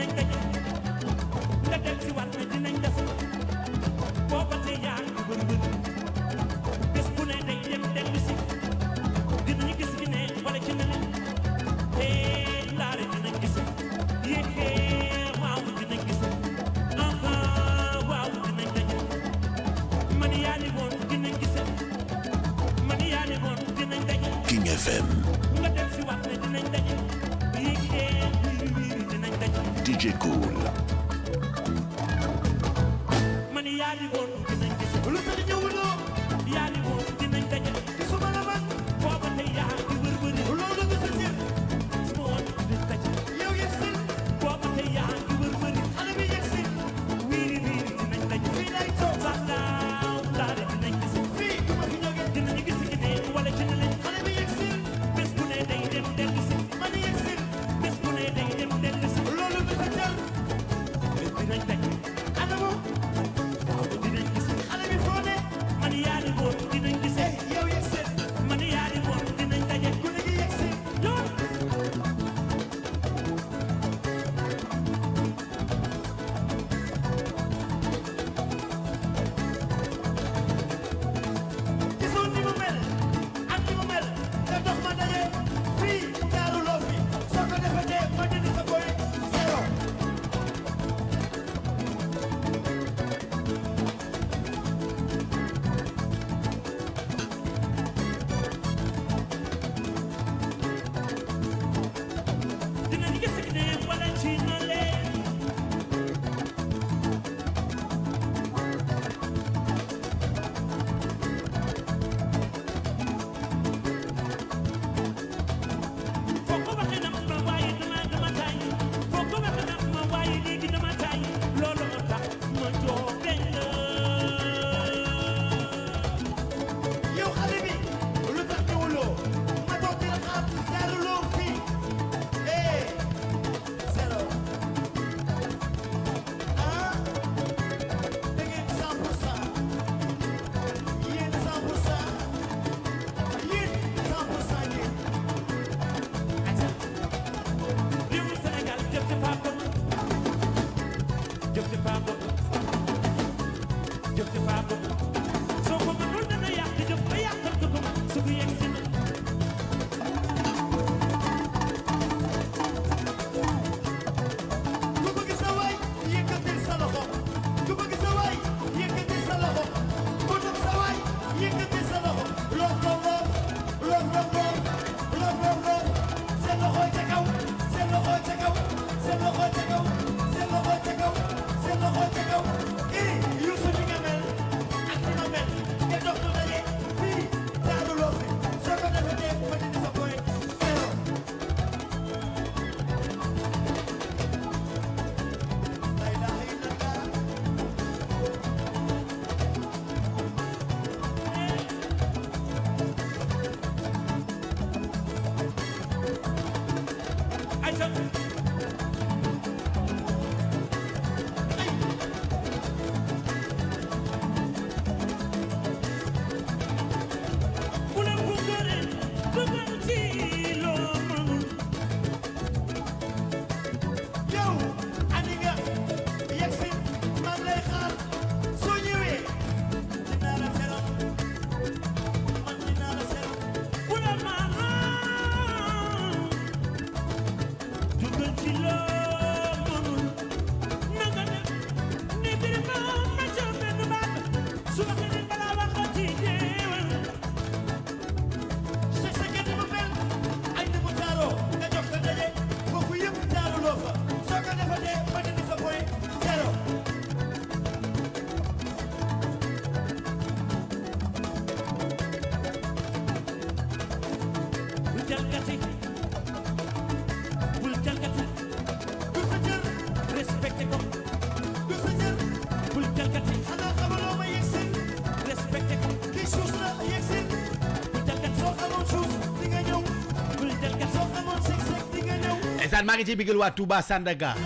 and marie Biguel Touba Sandaga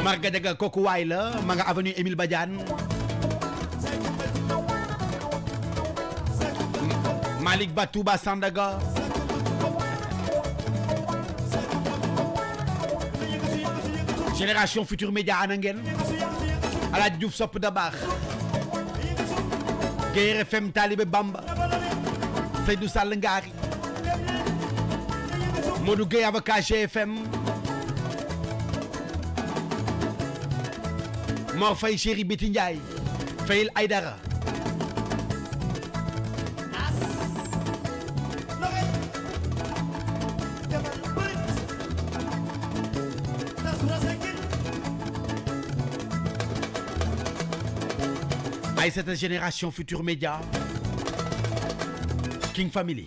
Margadega, Koko Waila. avenue Emile Badiane Malik Batouba, Sandaga Génération future Média anangen, Ala Alaaji Diouf Guerre Bamba Fedou Salengari, Modou Gueye avocat GFM Mon Faye Chéri Biti Fail Fayil Aydara cette génération Futur Média King Family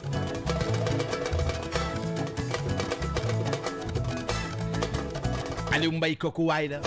Olha um bacon com aira.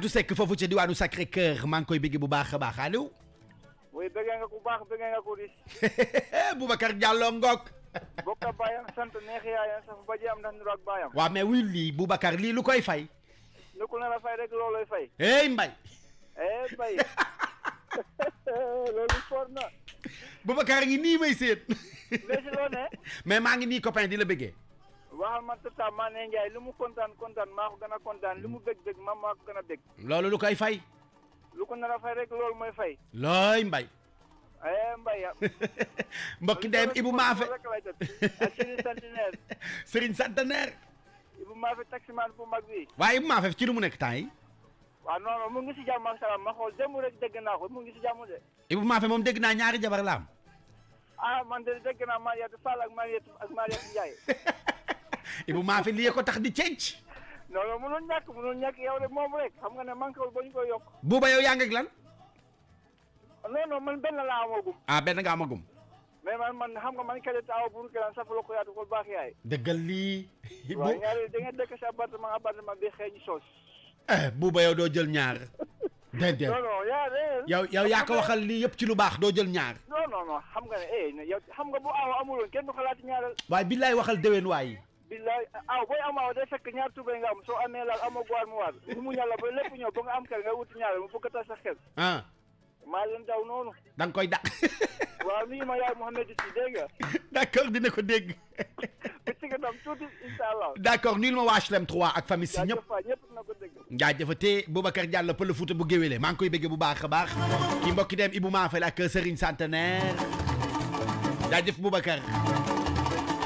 du Seck foofu ci diwaanu Sacré Cœur maa ngi koy bëgg bu baax a baax Aliou. oui bëggee nga ko baax bëggee nga ko di. Boubacar Diallo Ngok. bokk baayam sant neex yaayam saf ba am ndax niroog baayam. waaw mais wuy lii Boubacar lii lu koy fay. lu ko nar a fay rek loolooy fay. hey Mbaye. hey eh, Mbaye loolu for na. ngi nii may seet. mais si loo ne. maa ngi nii copain di la bëggee. waxal man tata lu mu kontaan kontaan maa ko gën a kontaan lu mu bëgg mm. bëgg man maa ko gën a bëgg. loolu lu koy fay. lu ko nar fay rek loolu mooy fay. looy mbay. Eh, mbay ah. mbokki ndeyam Ibou Maafé ak Serigne Centenaire. bu mag bi. waaye Ibou ci mu nekk temps yi. waaw non non mu ngi si jàmm ak salaam ma xool démb rek dégg naa ko mu ngi si jàmm de. Ibou Maafé moom dégg naa ñaari jabar la am. ah man de dégg naa Mariette Fall ak ak Mariette Ndiaye. ibu maafin dia kok tak di change no no mënul nyak mënul nyak yow iya rek moom rek xam nga ne manquewul ba yok. Bu yokk yang yow No no lan non non man benn laa amagum ah ben nga amagum mais man man xam nga man kadi taaw bu ñu kan sa fa ko yaatu ko baax yaay dëggal lii waaw ñaari da nga dëkk si appartement appartement bi xeeñ soos eh buuba yow doo jël ñaar déedéet non non yaa yow yow ya ko waxal li yep ci lu bax do jël ñaar non non non xam nga eh yow xam nga bu aaw amuloon kenn du xalat ñaaral Way billahi waxal dewen way. billaay aw ah, booy am aw day fekk ñaar tubéy nga am soo amee laal amoo guwaar mu waar lu mu ñàlla ba lépp ñëw ba am xel nga wuti ñaar mu bëgg tas sa xel ah maa leen daw noonu da nga koy da waaw mii ma yaay Mouhamed si dégg nga dina ko dégg bi ci kanam tuuti incha allah d'accord nil ma waa ak famille ñëpp ñëpp na ko dégg jaajëfatee Boubacar Diallo bu géwéle maa ngi koy bëgge bu baax a baax kii mbokki dem Ibou Mafel ak Serigne Centenaire jaajëf Boubacar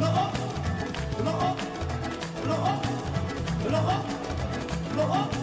Laurent, Laurent, Laurent, Laurent, Laurent.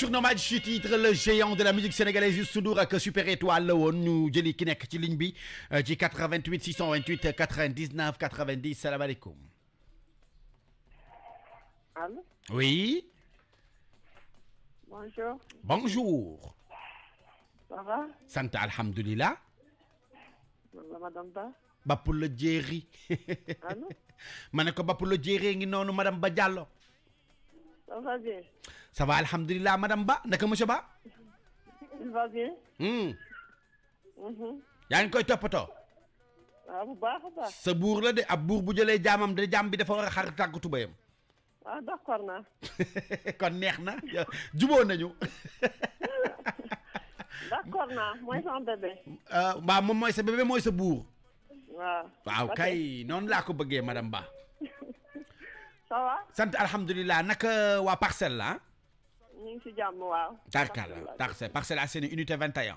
surnommé ci titre le géant de la musique sénégalaise du Ndour super étoile la woon ñu ki nek ci ligne bi euh, ci 88 628 99 90 salaamaaleykum. Allô? Oui. Bonjour. Bonjour. Ça va? Sant alhamdulilah. madame Ba. Bapu la jéeri. Allô? ma ne ko Bapu la jéeri ngi noonu madame Ba Diallo. Ça va bien. ça va alhamdulilah madame Ba naka monsieur Ba. va hmm. mhm. yaa ngi koy toppatoo. waaw ah, buur la de ab buur bu jëlee jaamam da jaam bi dafa war a xar tàggu tubayam. Ah, kon neex na juboo nañu. d'accord naa euh, mooy sa bébé mooy sa waaw. waaw kay noonu laa ko bëggee madame Ba. ça va. sant alhamdulilah naka waa parcelle la ah? ñu ngi si jàmm waaw. tarkala tarse parcelle assaini unité 21.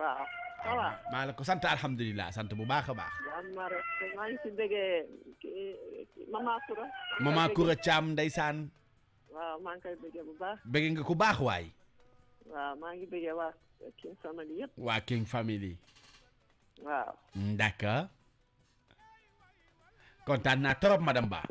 waaw ça va. maa la ko sant alhamdulilah sant bu baax a baax. maa ngi si Mama kura. Mama kura Thiam ndeysaan. waaw maa ngi koy bëggee bu baax. nga ku baax waay. waaw maa ngi waa King Family yëpp. waa King Family. waaw. Hmm, d' accord. kontaan naa trop madame Ba.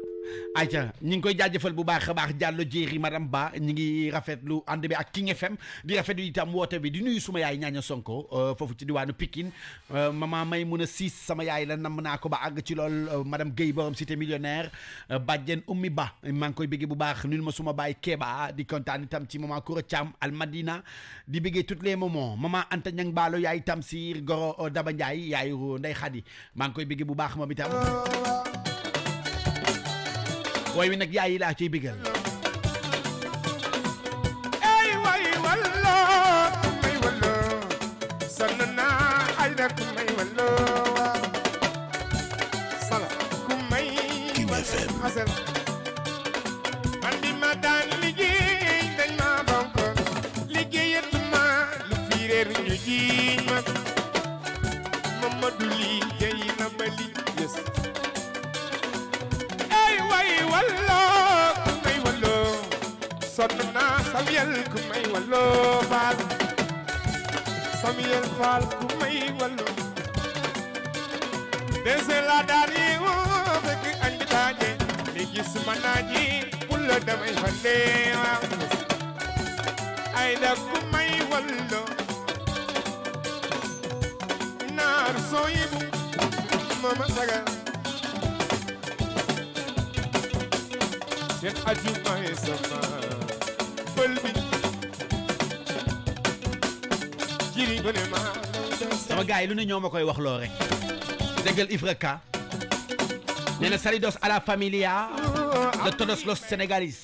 ayca ñi ngi koy jaajëfal bu baax a baax Diallo Jéeri madame Ba ñi ngi rafetlu ànd bi ak King FM di rafetlu itam woote bi di nuyu suma yaay ñaaña Sonko euh, foofu ci diwaanu Pikine euh, maman may mun a siis sama yaay la namm naa ko ba àgg ci lool euh, madame Guèye borom cité millionnaire bàjjen ummi ba maa ngi koy bëggee bu baax nul ma suma baay Kéba di kontaan itam ci maman Koura Thiam Almadina di bëggee tous les moments maman Anta Ñang Baalo yaay Tamsir Goro Daba Ndiaye yaay Ndey Xadi maa ngi koy bëggee bu baax moom itam Huwag yung nagyayila, kaibigan. sonn naa Samuel ku may walloo faal Samuel faal ku may walloo dese la daani woo fekk añ bi taaje léegi suma naaji pour la damay fande waaw ay da ku may walloo naar soo yibu mama sagal Then I do my pël jiri gone maa sama gars yi lu ñoo ma koy wax loo rek nee na salidos à la familia de todos los sénégalis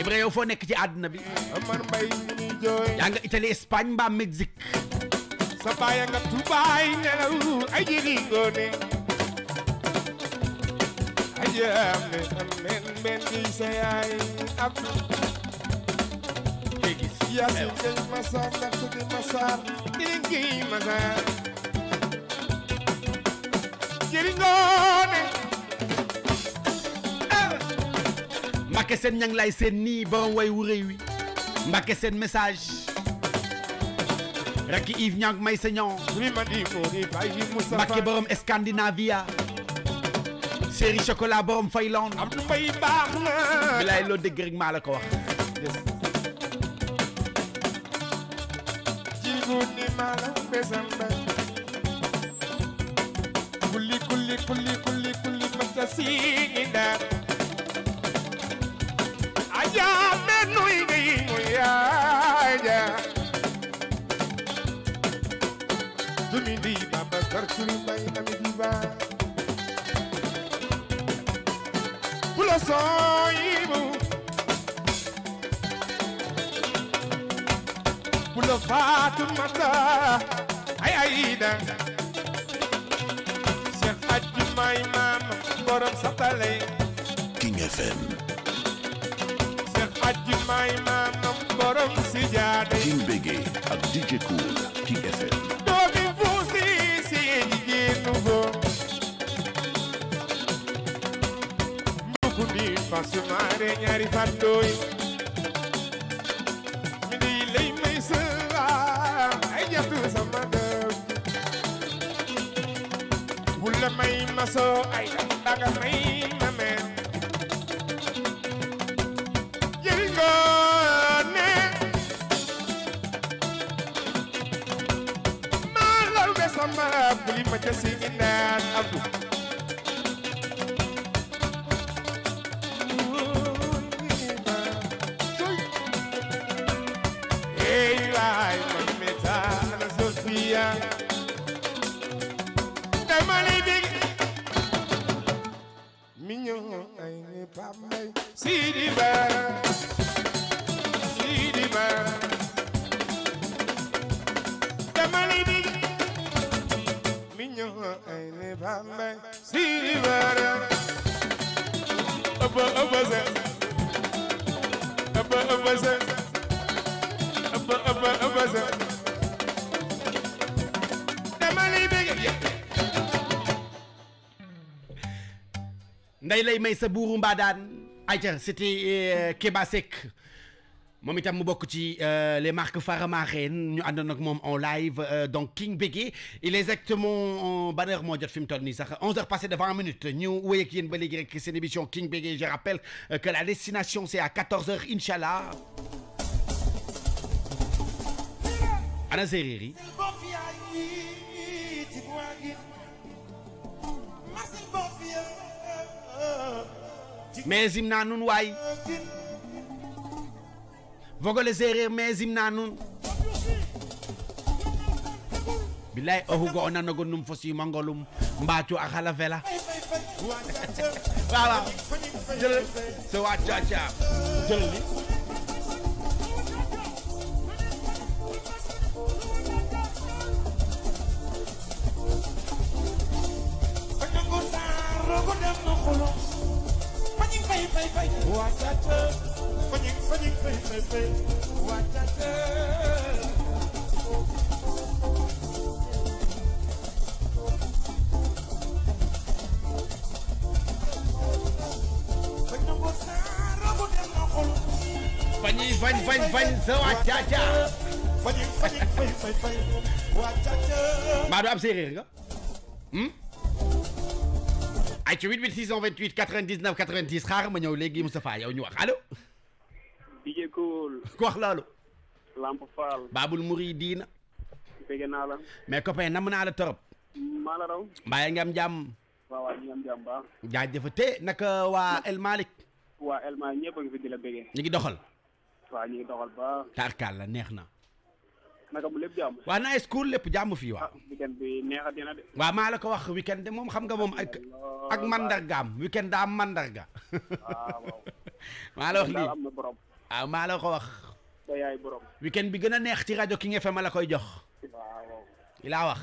Ibra yow foo nekk ci àdduna bi yaa nga Italie Espagne mbaa Mexique sa baay nga tubaay ay jiri gone jaame men men gi sa yaay ak léegi yaasin jël masaar na tuddi masaar dingi masaar jëringoone Mbacké lay seen nii borom way wu réew wi Mbacké Sène message rakki Yves ñang may sa ñoon Mbacké borom Scandinavia série chocolat borom fay lawoon. am lu fay baax na. bilaay loo dégg rek maa la ko wax. jiguni maa la besam na. kulli kulli kulli kulli kulli mata si ngi soyibu bu la Faatumata ay ayida Seex Aji may maam borom satale King FM Seex Aji may maam borom sijaade King Bégué ak DJ Cool King FM sumaare ñaari fan dooy mi di lay may sëwaam ay jatu sama dëw bu la may ma ay daga may ma meen jël ngoone maa law be sama buli ma jasi indaal sa buuru mbaadaan c'était euh, kebasek Seck moom itam ci euh, les marques Faramareen ñu àndoon ak moom en live euh, donc King Bégué il est exactement en banner moo film tourné. mu 11h passé de 20 minutes ñu wéy ak ba léegi rek une émission King Bégué je rappelle que la destination c'est à 14h inchallah allah. mais zim naa nun waay vogole séeréer mais zim naa nun billahi o hugo o nanogo num fo sima ngolum mbacu a xala fela waaw waaw wa caca jël les gars Hmm Aïe, tu 88 628 99 90 xaar ma ñëw léegi Moustapha yow ñu wax allo. DJ Kool. ku wax loolu. Lamp Fall. Babul Mouridina. bëgg naa la. mais copain nam naa la torop. maa la raw. mbaa yaa ngi am jàmm. waaw waaw ñu ngi am jàmm baax. jaajëfatee naka waa El Malick. waa El Malick ñëpp a ngi fi di la bëggee. ñu ngi doxal. waaw ñu ngi doxal baax. tarkaal la neex na. naka bu lépp jàmm. waaw naa school lépp jàmm fii waaw. Ah, weekend bi la ko wax weekend de moom xam nga moom ak ak mandargaam weekend daa am mandarga. Ah, waaw maa la wax lii am na borom. waaw ah, la ko wax. sa yaay borom. weekend bi gën a neex ci rajo ki FM ma la koy jox. waaw. laa wax.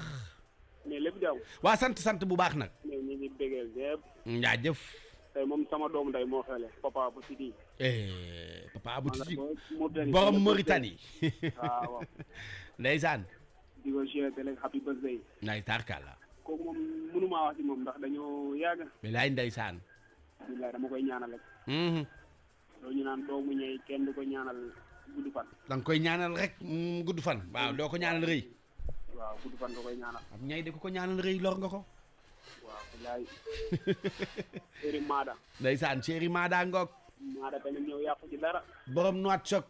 mais lépp jàmm. waa sant sant bu baax nag. mais ñu tey moom sama doomu ndey moo xeele papa Abou Eh, papa Abou Sidi borom Mauritanie. Ah, waaw ndeysaan. di happy birthday. nay tarkala. kooku moom mënumaa wax ci moom ndax dañoo yàgg. bilaay ndeysaan. bilaay dama koy ñaanal rek. Mm-hmm. doo ñu naan doomu kenn du ko ñaanal gudd fan. da nga koy ñaanal rek mm, gudd fan. waaw ko ko ko ñaanal rëy lor waaw bilaay. Chéri Maada. ndeysaan Chéri Maada Ngok. dara. borom noit choc.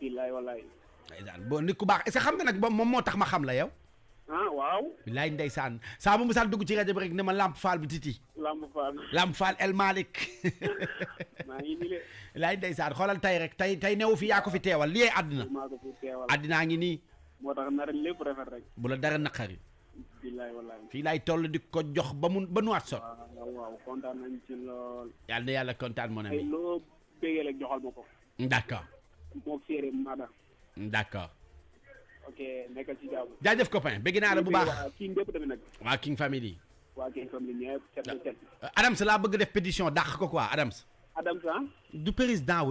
bilaay walaay. ndeysaan boo nit ku baax est xam nga nag moom moom moo tax ma xam la yow. ah waaw. bilaay ndeysaan saa bu mu sax dugg ci rajo bi rek ne ma Lamp Fall bi titi. Lamp Fall El Malick. maa ngi nii de. bilaay xoolal tey rek tey tey newu fi yaa ko fi teewal liyee àddina. maa ko fi teewal àddinaa ngi nii. moo tax nar lépp dara naqari. il a fii le toll di ko jox ba mu ba mon ami d'accord d'accord ok D'accord. ci la bu king family Adams laa bëgg def pétition d'accord quoi Adams Adams ah? du président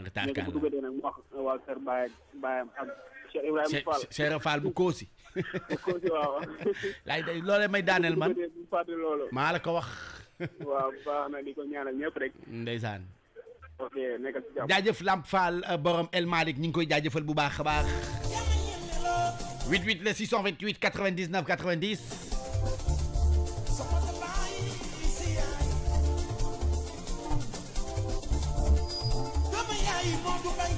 retard kan la léegi bu dugatee nag mu wax waa kër Baye Baye ak. Cheikh Ibrahima Fall Cheikh Fall bu Koosi. bu Koosi waaw. laaj day loolee may daaneel man maa la ko wax. waaw baax na di ko ñaanal ñëpp rek. ndeysaan. ok nekkal ci jàmm. jaajëf Lamp Fall euh, borom El Malick ñu ngi koy jaajëfal bu baax a baax. 88 la 628 99 90. ay Modou Mbaye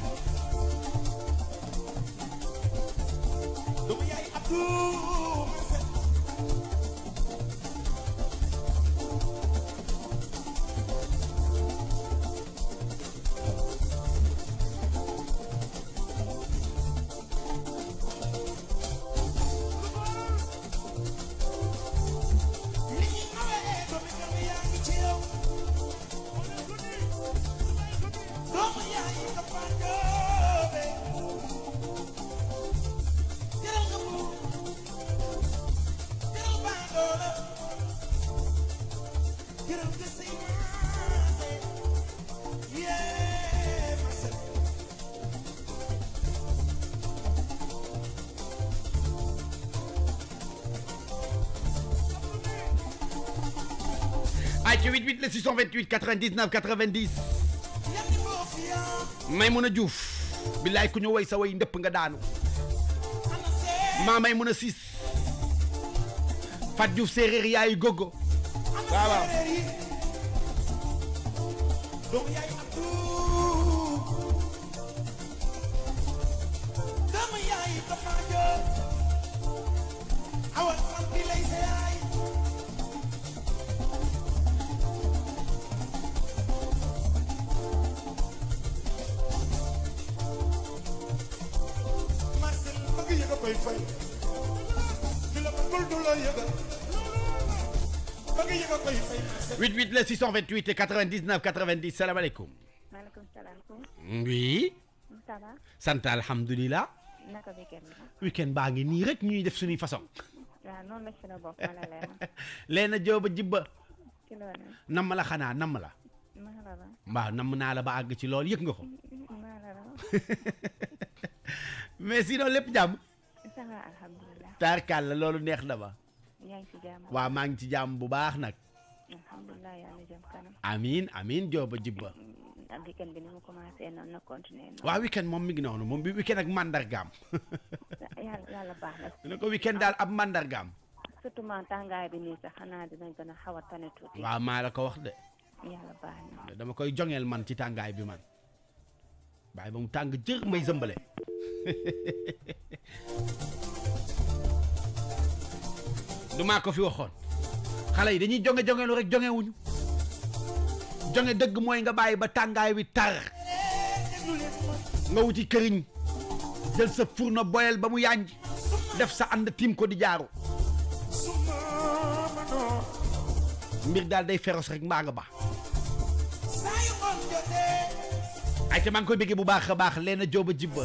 doomu yaay Abdou 88 le 628 99 90 Maymuna Diouf billaay ku ñu woy sa woy ndëpp nga daanu maa Maymuna Siis Fat Diouf séeréer yaayu gogo waaw koy fay ki la bëggul du la yëgal 88 la ngi nii rek ñuy def suñuy façon. waaw noonu la si la xanaa nam la. waaw naa la ba àgg ci lool yëg nga ko. mais sinon lépp jàmm. ça va la loolu neex na ma. yaa ci jàmm. maa ngi ci jàmm bu baax nag. alhamdulilah yàlla na jëm jibba. ak mm, weekend bi mu moom mi ngi noonu moom bi weekend ak mandargaam. yàlla daal ab mandargaam. surtout man maa la ko wax de. dama koy joŋeel man ci tàngaay bi man. bàyyi ba mu tàng jër may zëmbale. du maa ko fi waxoon xale yi dañuy jonge jonge lu rek jonge wuñu dëgg mooy nga bàyyi ba tàngaay wi tar nga wuti këriñ jël sa furno boyal ba mu yànj def sa ànd tiim ko di jaaru mbir daal day féroce rek mbaa nga ba ay ca maa ngi koy bëggee bu baax a baax leena jooba jibba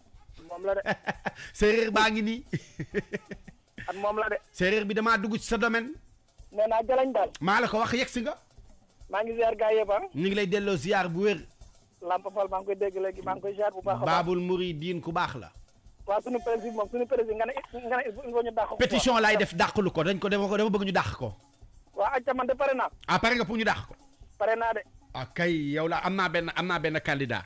moom la de séeréer baa ngi nii at kan moom la de séeréer bi damaa dugg ci sa domaine nee jalañ daal maa la ko wax yegsi nga maa ngi ziar gaa yëpp ah. ñu ngi lay delloo ziar bu wér Lamp Fall maa ngi koy dégg léegi ngi ziar bu baax a baax baabul muridiin ku baax la waaw suñu président moom suñu président nga ne nga ne il faut ñu dàq ko pétition laay def dàqlu ko dañ ko dama ko dama bëgg ñu dàq ko waaw acca man de pare naa ah pare nga pour ñu dàq ko pare naa de ah kay yow la am naa benn am candidat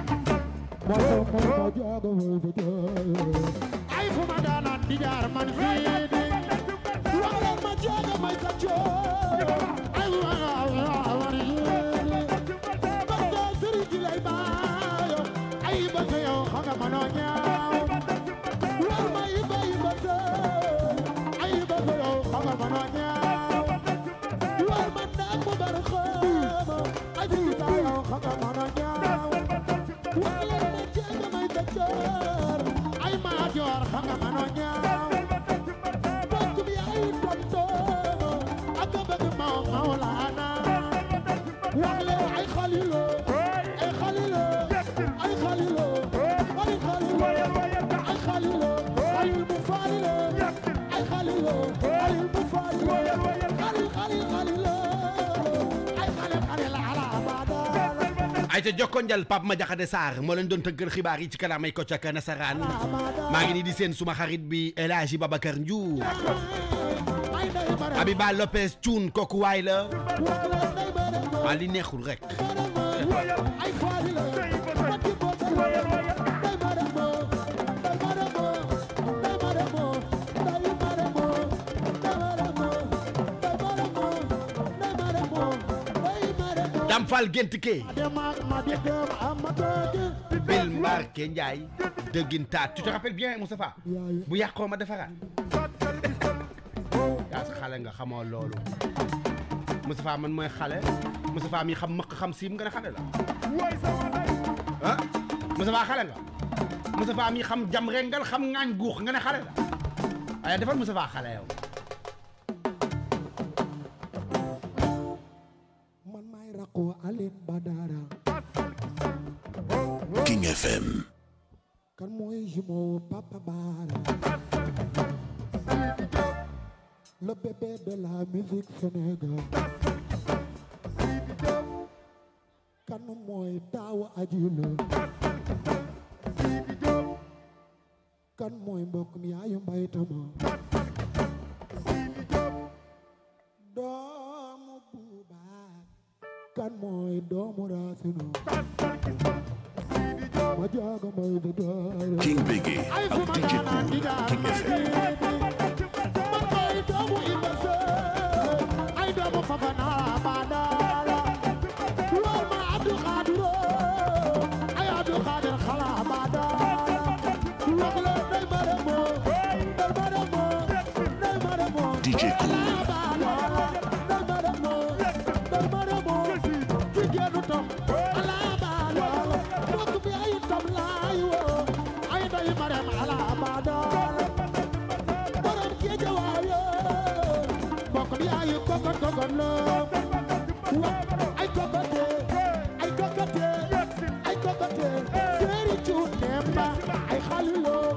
moso moso joogo wulbuto ay fu ma daanaan di jaar man fii di wax leen ma joogo may kaccoo ay war yéene basta sëriñ ji lay baayo ay basta yow xam nga manoo ñaaw war ma yiba yibata ay basta yow xam nga manoo ñaaw war ma naag mu bar xaama ay basta yow xam nga manoo ñaaw Khalil Khalil ay ca jokko njal Pape ma jaxate Sarr moo leen doon tëggal xibaar yi ci kalaamay ko ak nasaraan maa ngi nii di seen suma xarit bi El Hadji Babacar Ndiour Abiba Lopez Thioune kooku waay la maa li neexul rek Fall Gént Kee Bill Mbarké de dëggintaat tu te rappelles bien Moustapha bu yakko ma ya sa xale nga xamo lolu Moustapha man moy xale Moustapha mi xam mak xam sim nga xale la Moustapha xale nga Moustapha mi xam jam rengal xam ngañ gukh nga xale la waaye defal Moustapha xale yow kan mooy jumeau Papa Bara le bébé de la musique sénégal kan mooy taawu aji lo kan mooy mbokkum yaayu mbay King Biggie ak DJ Kool King FM ay kokate ay kokate sëriñ cu Demba ay xaliloo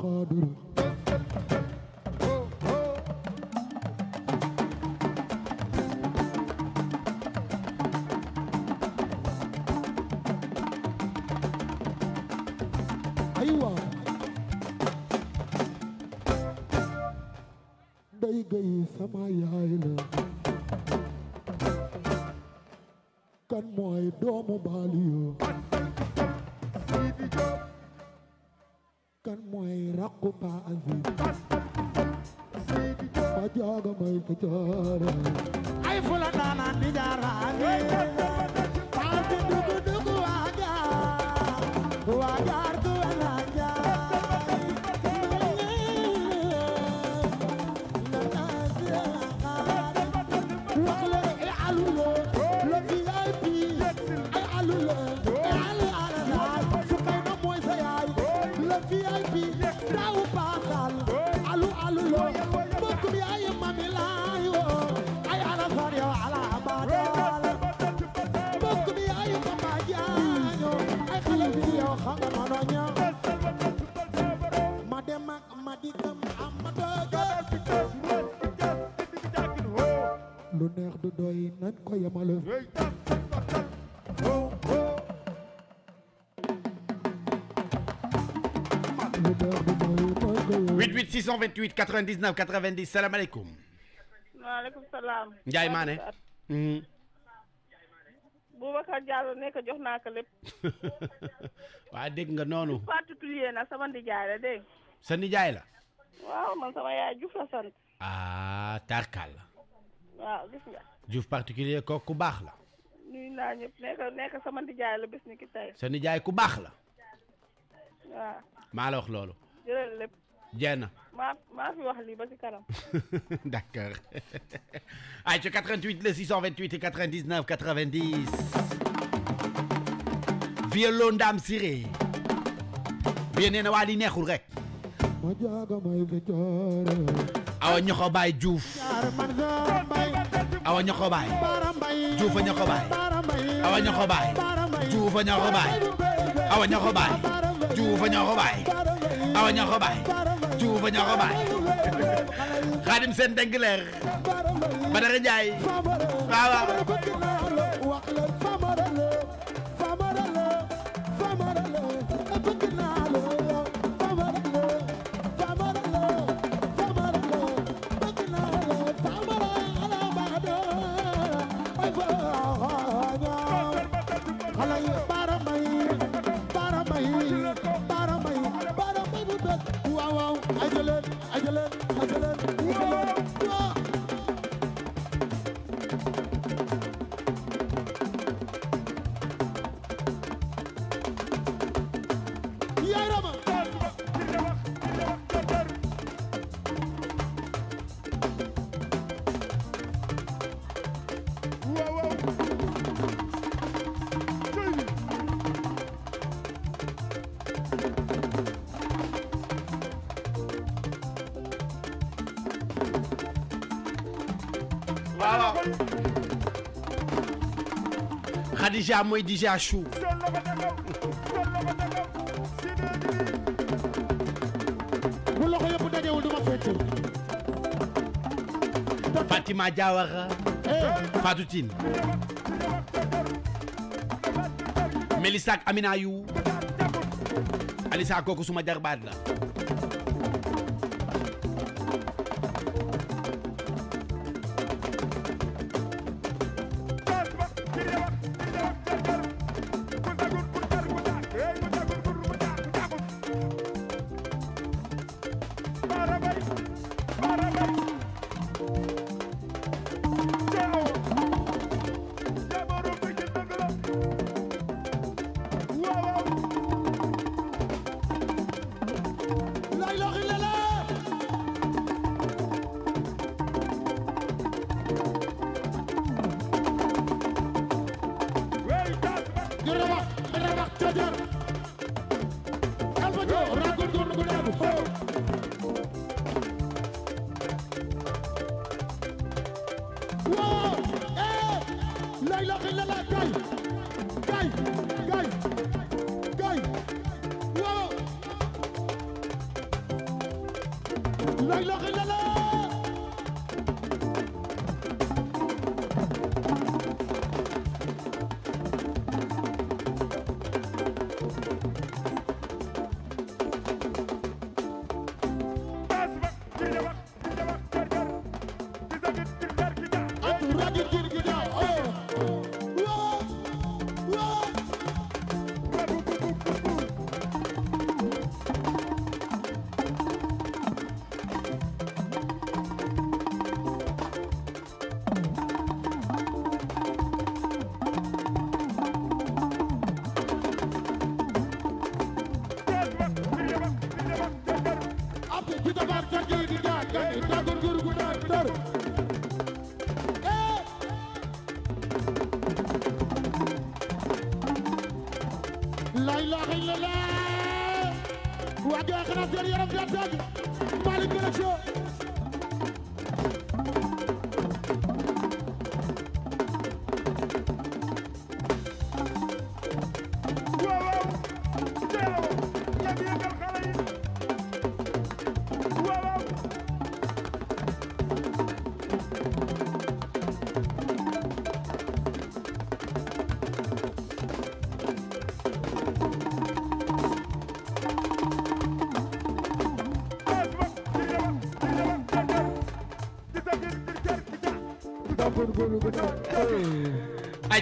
God 128 99 90 salaamaaleykum. waaleykum salaam. Ndiaye Mané. Mhm. Boubacar Diallo nekk jox naa ko lépp. waa dégg nga noonu. particulier nag sama nijaay la dégg. sa nijaay la. waaw man sama yaay Diouf la sant. ah tarkal waaw gis nga. particulier kooku ku baax la. nuyu naa ñëpp nekk nekk sama nijaay la bis ki tey. sa nijaay ku baax la. waaw. maa la wax loolu. jërëjëf lépp. Diène. maa maa fi wax lii ba ci kanam. d' 88 le 628 et 99 90. violon dame Siré. bien nee na li awa ñoxo baay awa ñoxo baay. Diouf ñoxo awa ñoxo baay. Diouf ñoxo awa ñoxo baay. Diouf a ñoxo awa ñoxo Diouf ñoo ko baay Xaadim Seen denk leer Badara Njaay waaw waaw Dija mooy Dija Chou. bu loxo yëpp ma fecc. Fatima eh. kooku suma jarbaat la.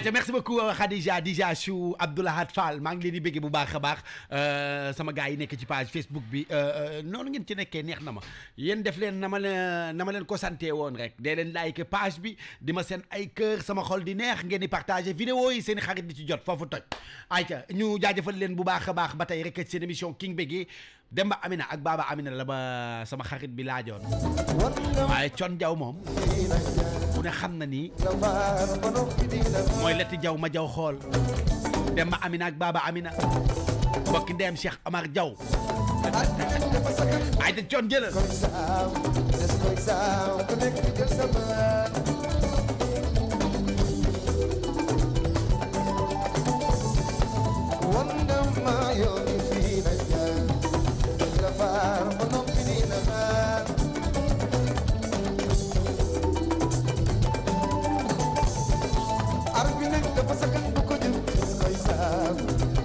merce merci beaucoup Khadija Dija Chou Abdoulahat Fall maa ngi leen di bëgg bu baax a baax euh, sama gars yi nekk ci page Facebook bi euh, euh, noonu ngeen ci nekkee neex na ma yéen def leen na ma leen na leen ko sante woon rek dee leen like page bi di ma seen ay kër sama xol di neex ngeen di partager vidéo yi seen xarit di ci jot foofu toj ayca ñu jaajëfal leen bu baax a baax ba tey rek seen émission King Bégué Demba Amina ak Baba Amina la ba sama xarit bi laajoon waaye Thione ne xam na ni mooy letti jaw ma jaw xool dem ma Amina ak Baba Amina mbokki ndeem Cheikh Omar Diaw ay da coon jëlal wanda ma yoon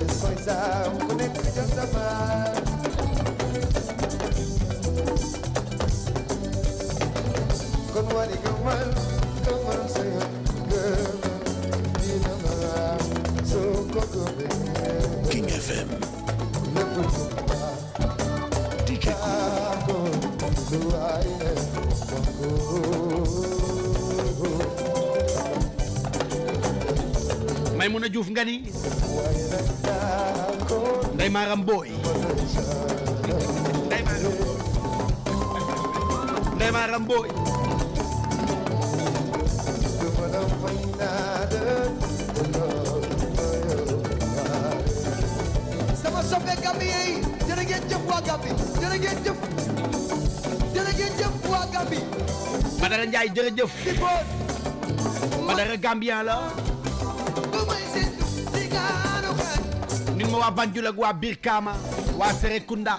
bés koy saam ku nekk jot sa baat kon wari gëmal gëmal sa yoon gëmal dina ma soo ko gëmee King FM lépp lu baax DJ ko lu waay Maimouna Diouf nga ni day maaram booy day maaram booy sama soppe Gambie yi jërë ngeen jëf waa Gambie jërë ngeen jëf jërë ngeen jëf waa Gambie Badara Ndiaye jërëjëf Badara Gambien la waa Banjul ak waa Birkama waa Serekunda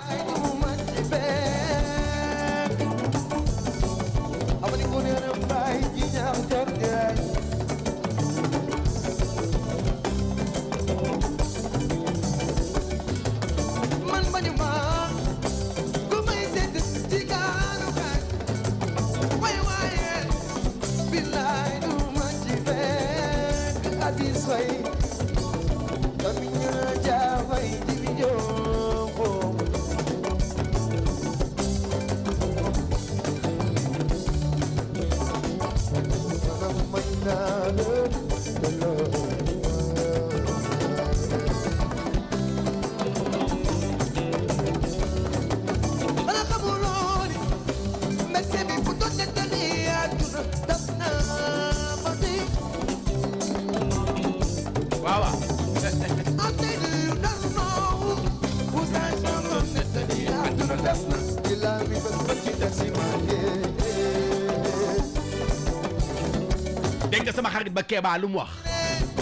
Keba lu mu wax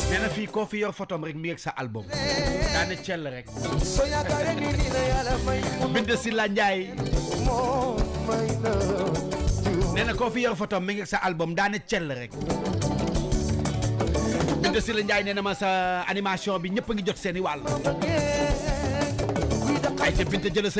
nee na fi yor photom rek mi sa album daane cell rek si la Njaay nee na mi ngi ak sa bi ñëpp ngi jot seeni wàll ay ca binte jëla sa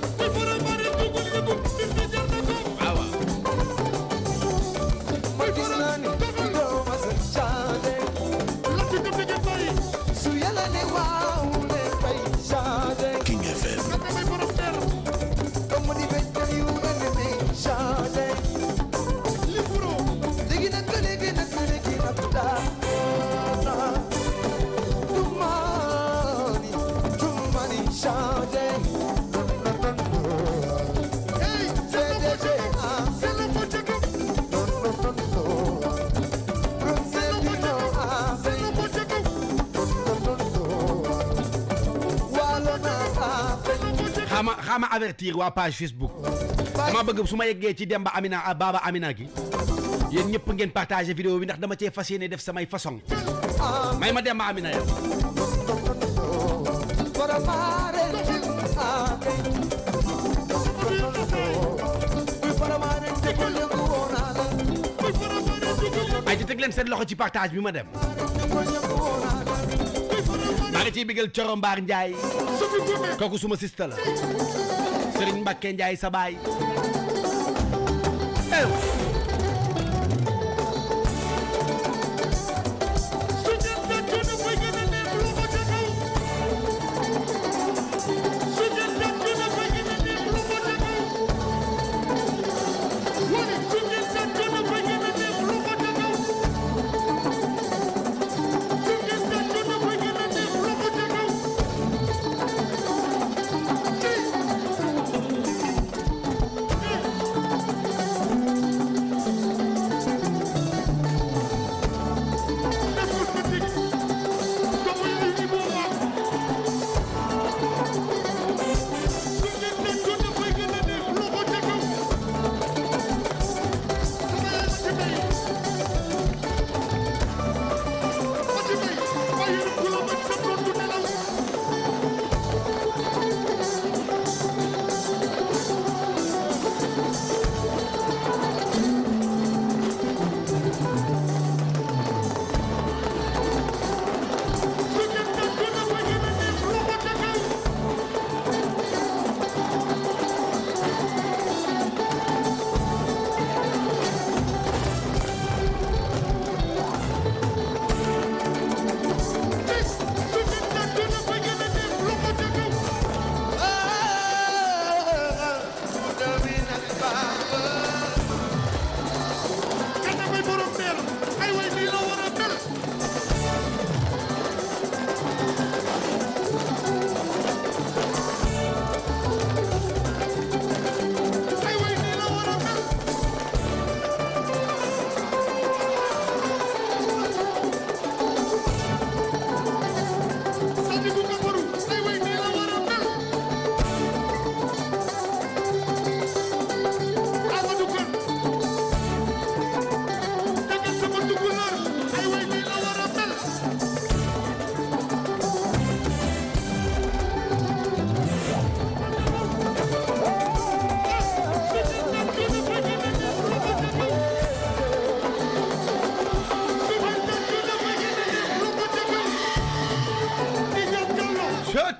Thank you. avertir waa page Facebook dama bëgg su ma yeggee ci Demba Amina Baba Amina gi yéen ñëpp ngeen partagé vidéo bi ndax dama cee fas yéene def samay façon may ma Demba Amina yow ay ci loxo ci partage bi ma dem maa ngi Njaay kooku suma sista Serigne Mbacké Ndiaye sa baay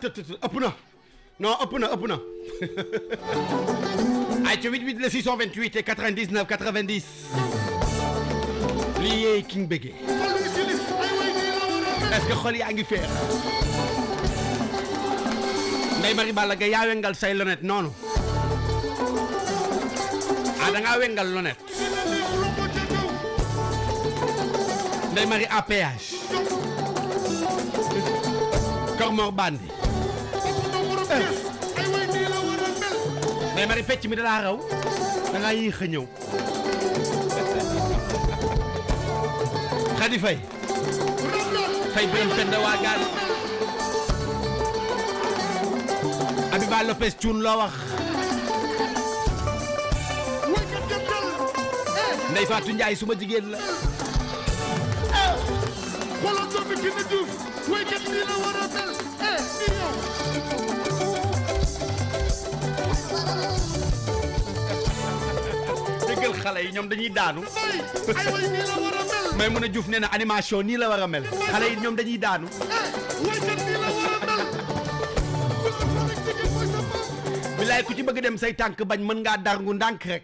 të Non, ëpp na, ëpp na. Aïe, le 628 et 99 90. Lié King Begay. Est-ce que xol yaa ngi faire Mais Mari Balla ga yaa wengal say lonet noonu. Ah da ngaa wengal lonet. Ndey Mari APH. Kormor Bandi. mais mari pecc mi dalaa raw da ngaa yéex a ñëw xadi fay fay biram penda waa gaal Abiba Lopez Cuun loo wax Ndey Fatou Ndiaye suma jigéen la xoolal soo fi gën a juuf waykat nii la war a mel dëggal xale yi ñoom dañuy daanu. may mu a juuf nee na animation nii la war a mel. xale yi ñoom dañuy daanu. Eh, bilaay ku ci bëgg dem say tànk bañ mën ngaa darngu ndànk rek.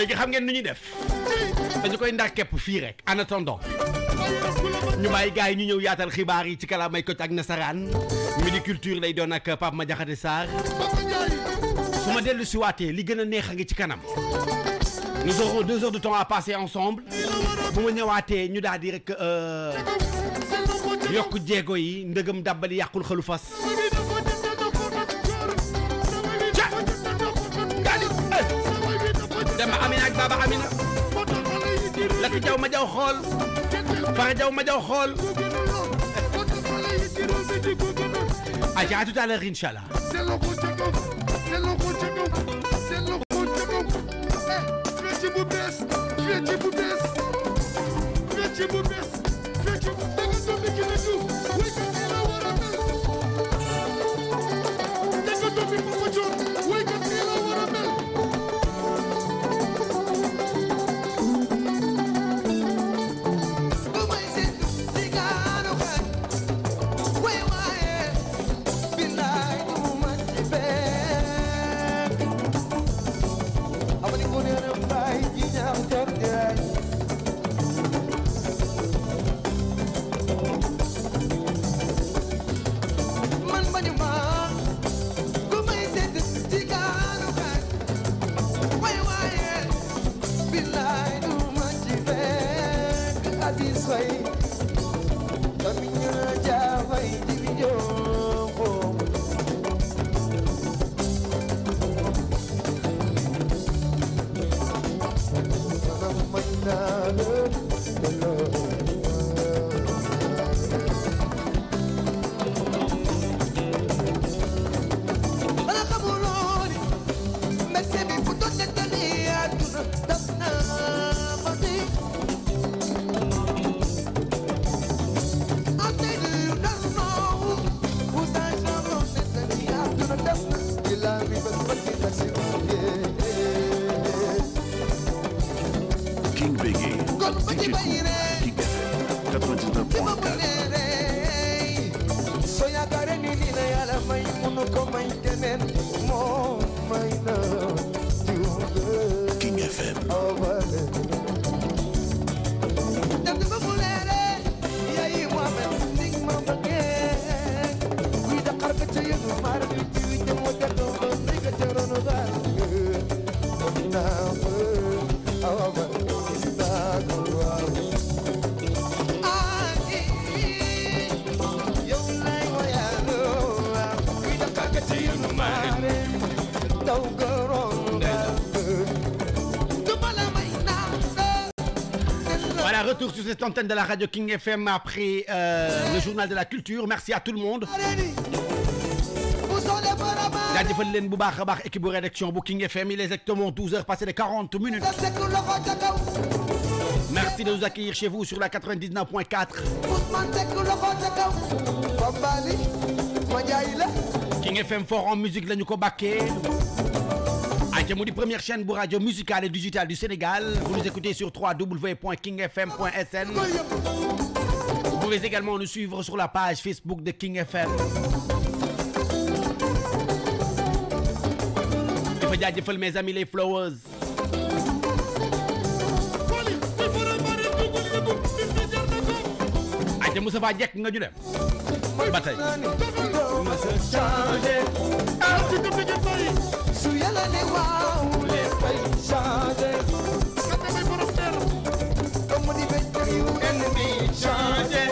léegi xam ngeen nu ñuy def dañu koy ndar képp fii rek en attendant ñu bàyyi gars yi ñu ñëw yaatal xibaar yi ci kàllaamay kocc ak nasaraan midi culture lay doon ak Pape Madiakhate Sarr su ma dellu si waatee li gën a neex a ngi ci kanam nous aurons deux heures de temps à passer ensemble bu ma ñëwaatee ñu daal di rek euh, yokk jéego yi ndëgëm dàbbali yàqul xalu fas xool Fara Jaw ma jaw xool aja à tout à l'heure inchallah bu bees bu bees sur cette antenne de la radio King FM après euh, le journal de la culture merci à tout le monde la leen bu équipe rédaction pour King FM il est exactement 12 h passé les 40 minutes merci de nous accueillir chez vous sur la 99.4 King FM fort en musique la rajo mu première chaîne pour radio musicale et digitale du Sénégal vous nous écoutez sur www.kingfm.sn vous pouvez également nous suivre sur la page Facebook de King FM dafa jaajëfal mes amis les flowers Je vous jekk nga ñu dem ba tey su yàlla ne waaw léppay changé. comme di bëj yu ennemi changé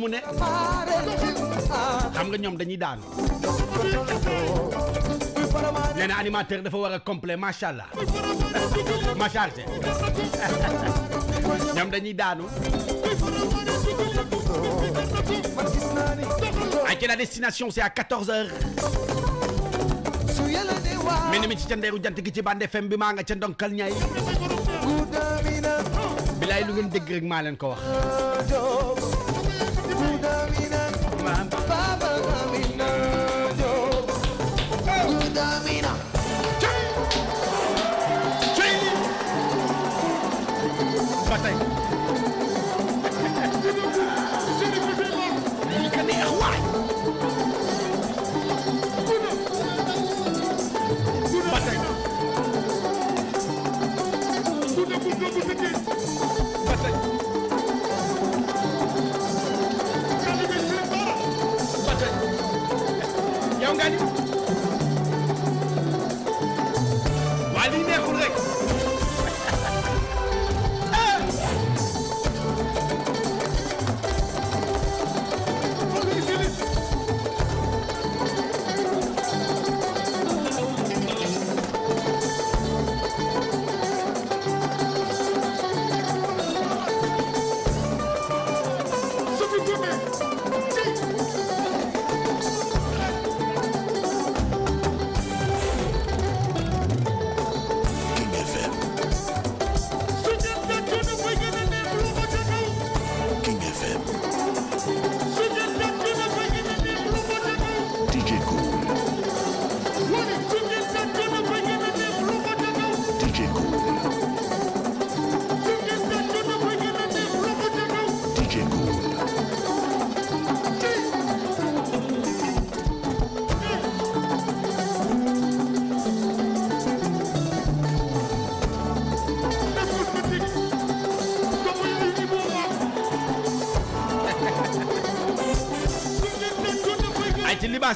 mu ne xam nga ñoom dañuy daanu nee na animateur dafa war a complet macha allah ma chargé ñoom dañuy daanu ak la destination c'est à 14 heures mel mi ci candeeru jant gi ci bande FM bi maa nga ca ndonkal ñay bilaay lu ngeen dégg rek maa ko wax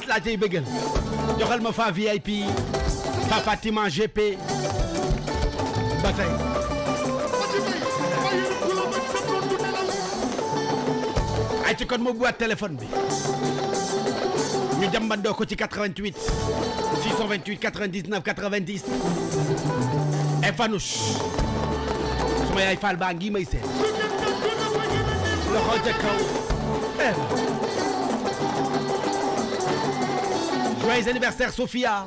la cay bëggal joxal ma fa VIP fa Fatima GP bataille. ay ci kon mo téléphone bi ñu jàmbandoo ko ci 88 628 99 90 et Fanouche suma yaay Fall ngi may seet loxo ca kaw Joyeux anniversaire, Sophia.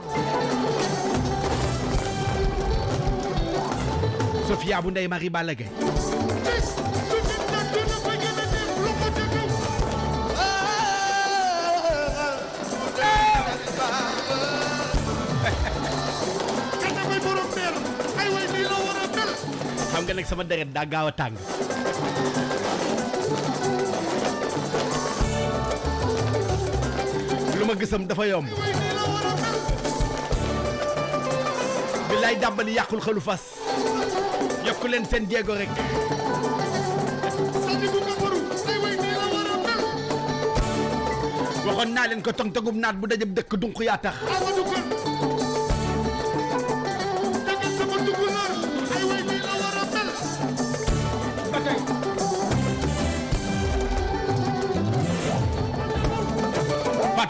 Sophia bu ndey Marie Balla Gaye. xam nga nag sama deret daa gaaw a tàng. sama gësam dafa yomb billaay dàbbali yàqul xelu fas yokk leen seen jéego rek waxoon naa leen ko tong togub naat bu dajab dëkk dunq yaa tax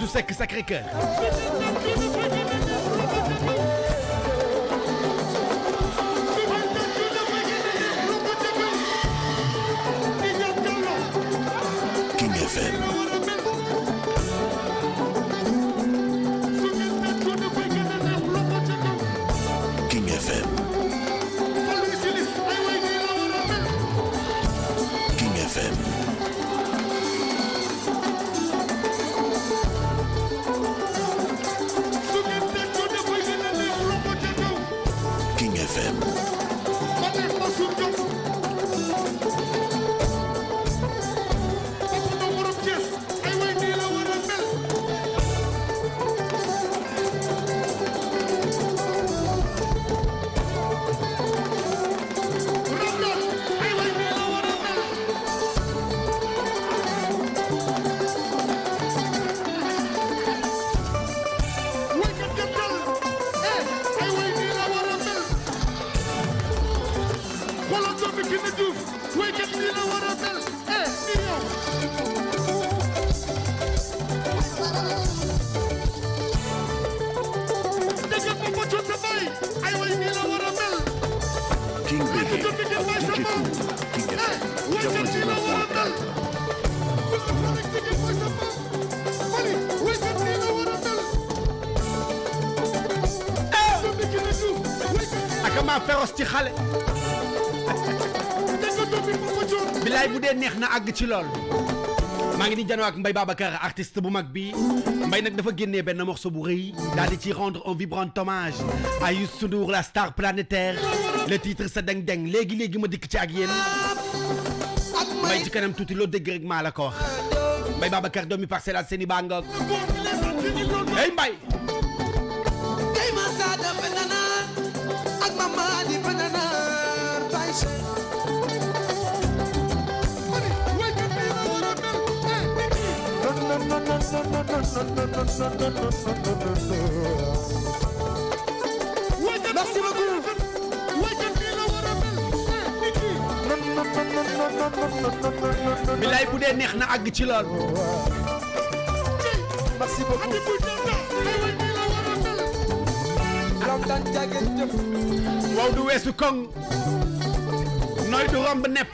Abdou sec Sacré-Cœur. naka maa féroce ci xale. bilaay bu neex na ag ci lol maa ngi di jano ak mbay Babacar artiste bu mag bi mbay nak dafa génnee ben morceau bu reuy dal di ci rendre un vibrant hommage à Youssou la star planétaire le titre sa deng deng légui légui ma dik ci ak yéen mbay ci kanam tuuti lo deug rek maa la ko wax mbay Babacar domi Parcelles Assainies baa hey mbay Merci beaucoup. bilaay bu dee neex na àgg ci lool. Merci beaucoup. waaw du weesu koŋ. nooy du romb nepp.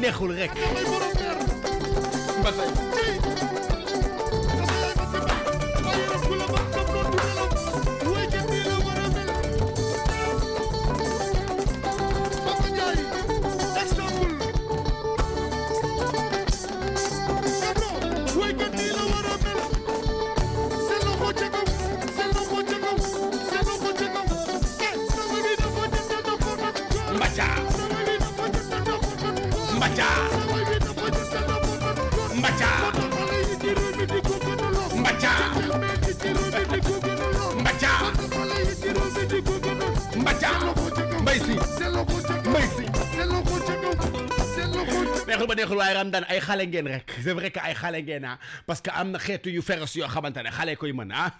neexul rek. ba tey ba neexul waaye Ramdan ay xale ngeen rek c'est vrai que ay xale ngeen ah am xeetu yu féroce yoo xamante ne xale mën ah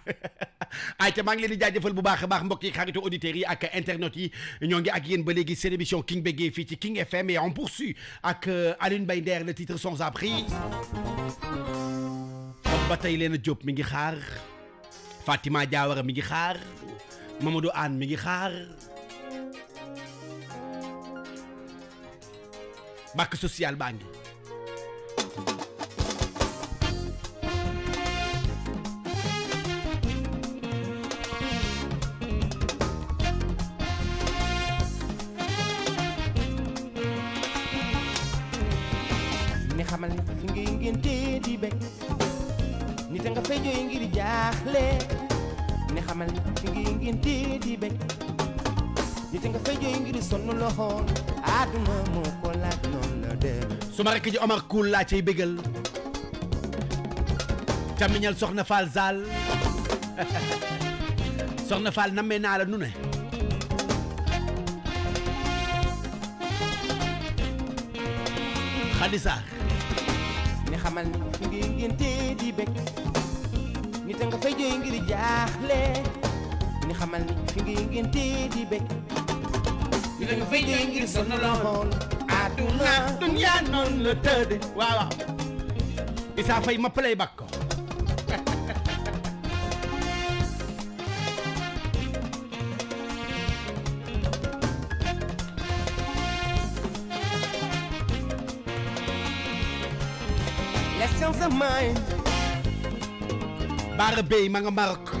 ay ca maa ngi jaaj di jaajëfal bu baax a baax mbokk yi xaritu auditeurs yi ak internautes yi ñoo ngi ak yéen ba léegi seen émission King Bégué fii ci King FM et on poursuit ak euh, Alioune Mbaye Nder le titre sans abri ba tey Léna Diop mi ngi xaar Fatima Diawara mi ngi xaar Mamadou Anne mi ngi xaar marque sociale baa ngi ni xamal ni li ngay ngénte di bég nit a nga fay jooy ngir ni xamal ni li ngay ngénte di bég nit nga fay jooy ngir sonn loxoon àdduna moo ko laaj noonu la su ma rekk ji Omar Koul laa cay bégal càmmiñal soxna Fall Zal soxna Fall nammee naa la nu ne Xadi Saar ne xamal ni fi ngay ngénte di bëgg nit nga fay jooy ngir jaaxle ni xamal ni fi ngay ngénte di bëgg dañu fay dee ngir sonn lool aduna dunya noonu la tëdde waaw waaw Issa Faye ma play back ko Let's change the mind Bara Bey ma nga Maroc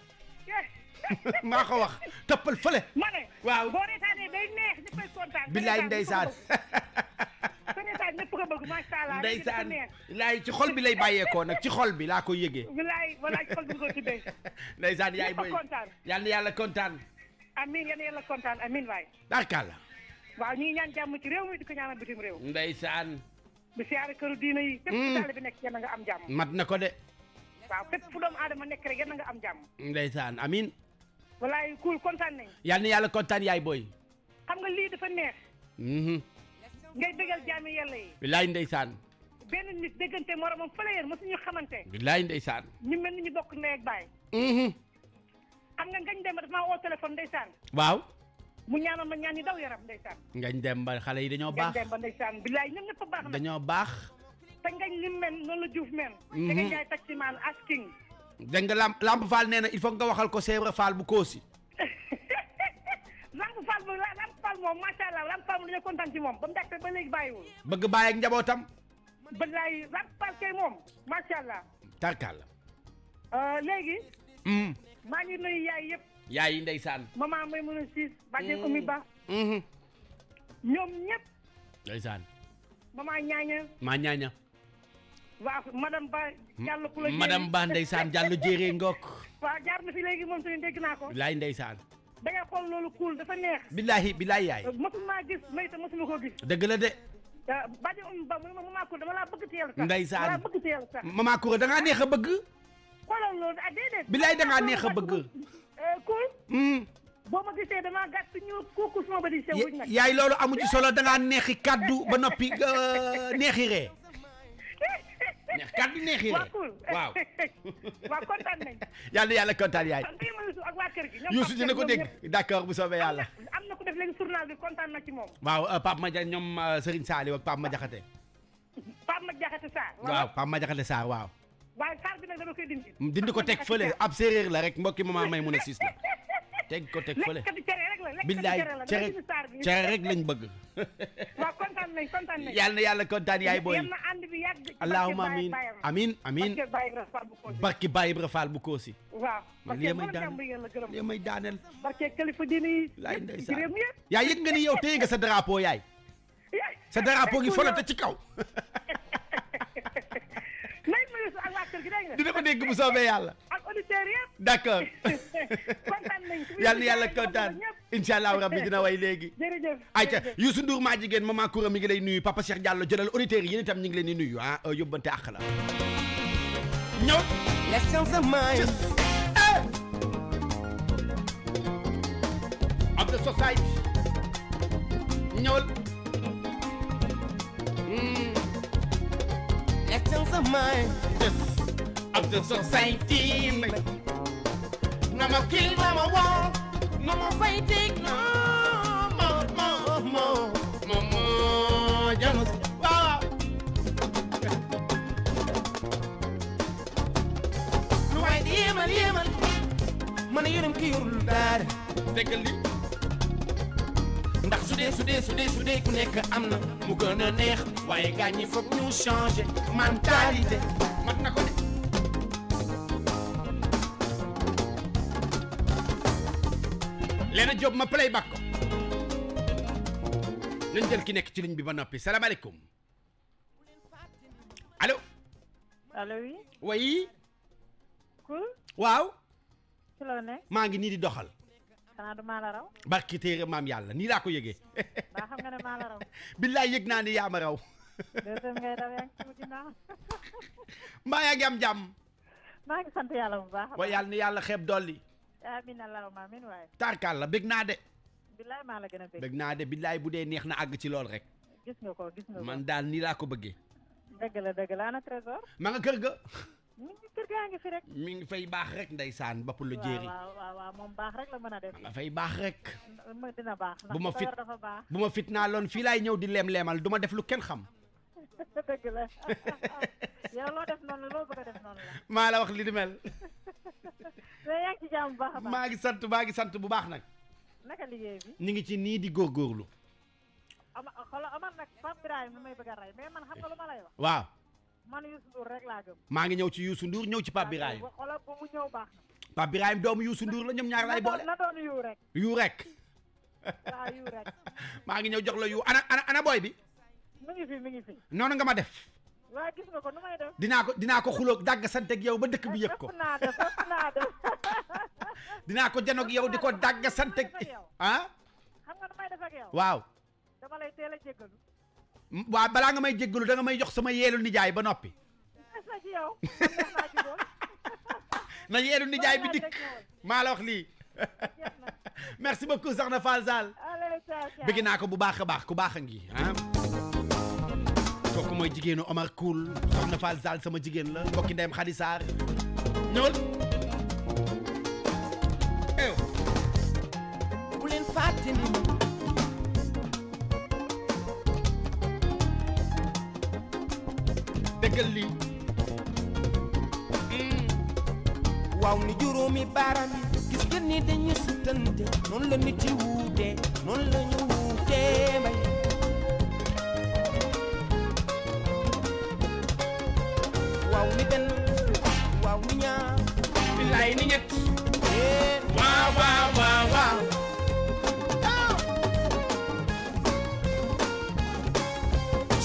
maa ko wax toppal fële. ma ne waaw boo reetaanee day neex ñëppay kontaan. billaay ndeysaan. ndeysaan ñëpp ko bëgg macha allah. ndeysaan laay ci xol bi lay bàyyeekoo nag ci xol bi laa koy yëgee. billaay walaay ci xol bi ko tuddee. ndeysaan yaay booy yal na yàlla kontaan. amiin yal na yàlla kontaan amiin waay. barkalla. waaw ñuy ñaan jàmm ci réew mi di ko ñaanal bitim réew. ndeysaan. bi siyaare këru diina yi. bépp mm. taale bi nekk yéen a nga am jàmm. mat na ko de. waaw fépp fu doomu aadama nekk rek yéen nga am jàmm. ndeysaan amiin wallahi cool kontaan nañ eh. yalla yalla kontaan yaay boy xam nga lii dafa neex mhm ngay dëggal jaami yalla yi billahi ndeysan benn nit dëggante moromam fële yéen mosuñu xamante billahi ndeysan ñu mel ni ñu bokk ndey ak baay mhm xam nga ngañ dem dafa woo téléphone ndeysan waaw mu ñaanal ma ñaan yi daw yaram ndeysan ngañ dem ba xale yi dañoo baax ngañ dem ba ndeysan billahi ñoom ñëpp baax dañoo baax te ngañ li men noonu la juuf men mm-hmm. te ngañ yaay taximaan asking dégg nga Lamp Lamp Fall nee na il faut nga waxal ko Sèvres Fall bu Koosi. Lamp Fall bu Lamp Fall moom macha allah Lamp Fall dañoo kontaan ci moom ba mu dàqee ba léegi bàyyiwul. bëgg bàyyi ak njabootam. bëgg laay Lamp Fall kay moom macha allah. tarkaal la. Euh, léegi. Mm. maa ngi nuyu yaay yëpp. yaay yi ndeysaan. mama may mën a siis. bàjjee ko mi ba. ñoom ñëpp. ndeysaan. maman ñaaña. maa ñaaña. waaw madame Ba Diallo ku la madame Ba ndeysaan Diallo jéré ngok waaw jaar na fi léegi moom tamit dégg naa ko laay ndeysaan da nga xool loolu cool dafa neex billahi billahi yaay euh, mosuma gis may ta mosuma ko gis dëgg la de euh, badi um ba mu ma ko dama la bëgg teel sax ndeysaan dama bëgg teel sax mama ko da nga neex a bëgg xoolal loolu ah déedéet billahi da nga neex a bëgg euh, cool hmm boo ma gisee damaa gàtt ñuul kooku suma ba ya, di sew nag yaay loolu amu ci solo da nga neexi kaddu ba noppi neexi ree neex kàddu neex yi waaw. waaw kontaan nañ. yàlla yàlla kontaan yaay. ak dina ko dégg d'accord bu soobee yàlla. am na ku def léegi journal bi kontaan na ci moom. waaw euh, Pape Madia ñoom euh, Serigne Saliou ak Pape Madiakhate. Pape Madiakhate Sarr. waaw Pape Madiakhate Sarr waaw. dindi. ko teg fële ab séeréer la rek mbokki maman may mun a siis la. teg ko teg fële lekkati cere rek la billaay cere rek lañ bëgg. waaw kontaan nañ kontaan nañ. yàlla na yàlla kontaan yaay booy. yàlla na ànd bi yàgg. allahumma amiin amiin amiin. barke Baye Ibra Fall bu Koosi. waaw parce que nga yow téye nga sa drapeau yaay. sa drapeau gi folate ci kaw. dina ko dégg bu soobee yàlla. ak auditeurs yëpp. d'accord. kontaan nañ yàlla kontaan incha rabbi dina way léegi. jërëjëf ayca Youssou Ndour maa jigéen maman Koura mi ngi lay nuyu Papa Cheikh Diallo jëlal auditeurs yi yéen itam ñu ngi leen nuyu ah euh, yóbbante àq la. ñëw. la science of mind. Eh. society. ñëwal. la science of ak deux cent cinquante na ma kii na ma woo na ma fay tig na ma ma ma janus waaw lu waay di yemal yemal ma ne yërëm ki yorul daara déggal li ndax su dee su dee su dee ku nekk am na mu gën a neex waaye gaañ ñi foog ñu changer mentalité mat na ko Léna Diop ma play back ko nañ jël ki nekk ci ligne bi ba noppi salaamaaleykum allo. allo oui. oui. cool. waaw. ci la ne. maa ngi nii di doxal. xanaa du maa la raw. barki téere maam yàlla nii laa ko yëgee. ba xam nga ne maa la raw. billaay yëg naa ni yaa ma raw. deuxième ngay daw yaa ngi ci ginnaaw. mbaa yaa ngi am jàmm. maa ngi sant yàlla bu baax. waaye yàlla na yàlla xeeb dolli. amiin waay. tarkaal la bég naa de. billaay maa bég. naa de billaay bu dee neex na àgg ci lool rek. man daal nii laa ko bëggee. dëgg la dëgg ma nga kër ga. mi ngi kër gaa ngi fi rek. mi ngi fay baax rek ndeysaan bopp la jéeri. moom baax rek la mën a def. ma nga fay baax rek. dina baax. bu ma fit bu ma fit naa lool fii laay ñëw di leem leemal du ma def lu kenn xam. dëgg la yow loo def noonu loo bëgg a def noonu wax li di mel. mais yaa ngi ci jàmm bu baax a bu baax nag. naka liggéey bi. ñu ngi ci nii di góorgóorlu. ama xolo amal nag Pape Birahim mu may bëgg a rey mais man xam nga lu ma lay wax. waaw. man rek laa gëm. maa ngi ci ñëw ci pap xolo bu mu ñëw baax na. doomu la ñoom ñaar lay boole. na doon yu rek. yu rek. waaw yu ngi ñëw jox la yu ana ana ana bi. mi ngi noonu nga ma def. waaw gis nga ko nu may def. dinaa ko dinaa ko xuloog yow ba dëkk bi yëg ko. naa def ko janoog yow di ko dàgg sant ak. ah. xam nga may def ak balaa nga may jéggalu da may jox sama yeelu nijaay ba noppi. na ci yow. na bi dikk maa la wax lii. merci beaucoup soxna Fall Sall. bëgg naa ko bu baax baax ku baax a ngi ah. kooku mooy jigéenu Omar Koul soxna Fall Sall sama jigéen la mbokki ndeyam Khady Sarr ñëwal ew bu leen fàtte ni dëggal mm. waaw ni juróomi baaraam yi gis ngeen ni dañuy sutante noonu la wuute noonu la ñu wuute may waaw ni benn waaw ni ñaar billaay eh. eh, ni ñett waaw waaw waaw waaw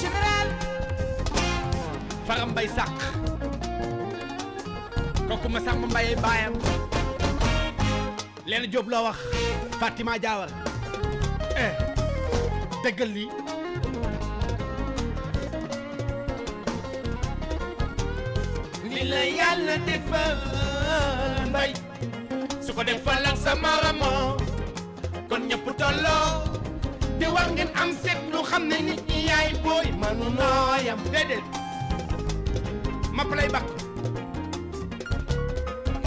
général faram bay sàq kooku ma sàmm mbayee baayam leen jóob la wax fatima Jawar, eh dëggal lii la yàlla defal xam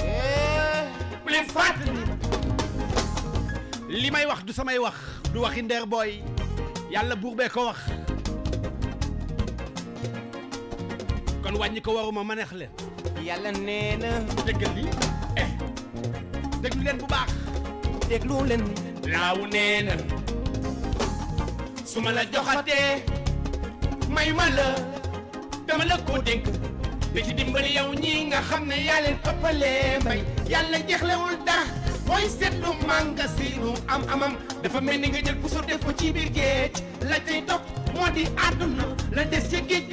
eh, li may wax du samay wax du waxi ndeer booy yàlla buur bee ko wax kon wàññi waruma ma neex yàlla nee na déggal li eh déglu leen bu baax déglu leen laaw nee na su ma la joxatee may ma la dama la ko dénk di ci dimbali yow ñi nga xam ne yaa leen ëppalee may yàlla am dafa mel ni nga jël puso def ko ci biir géej la cay topp moo di àdduna la des ca géej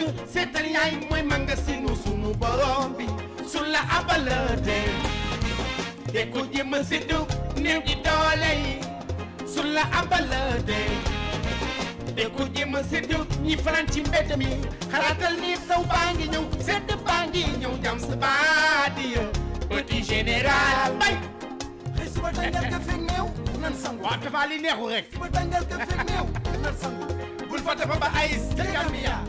ga yaay mooy mànga sinu sunu borom bi sun la abalate te ku jëm si du néew di doole yi sun la abalate te ku jëm si du ñi ci mbedd mi xalaatal ni taw baa ngi ñëw sedd baa ngi ñëw jam sa baadiya petit général bay xëy suba tàngal ka fekk nan sangu waaw dafa neexu rek bul fa dafa ba ayis ca Gambia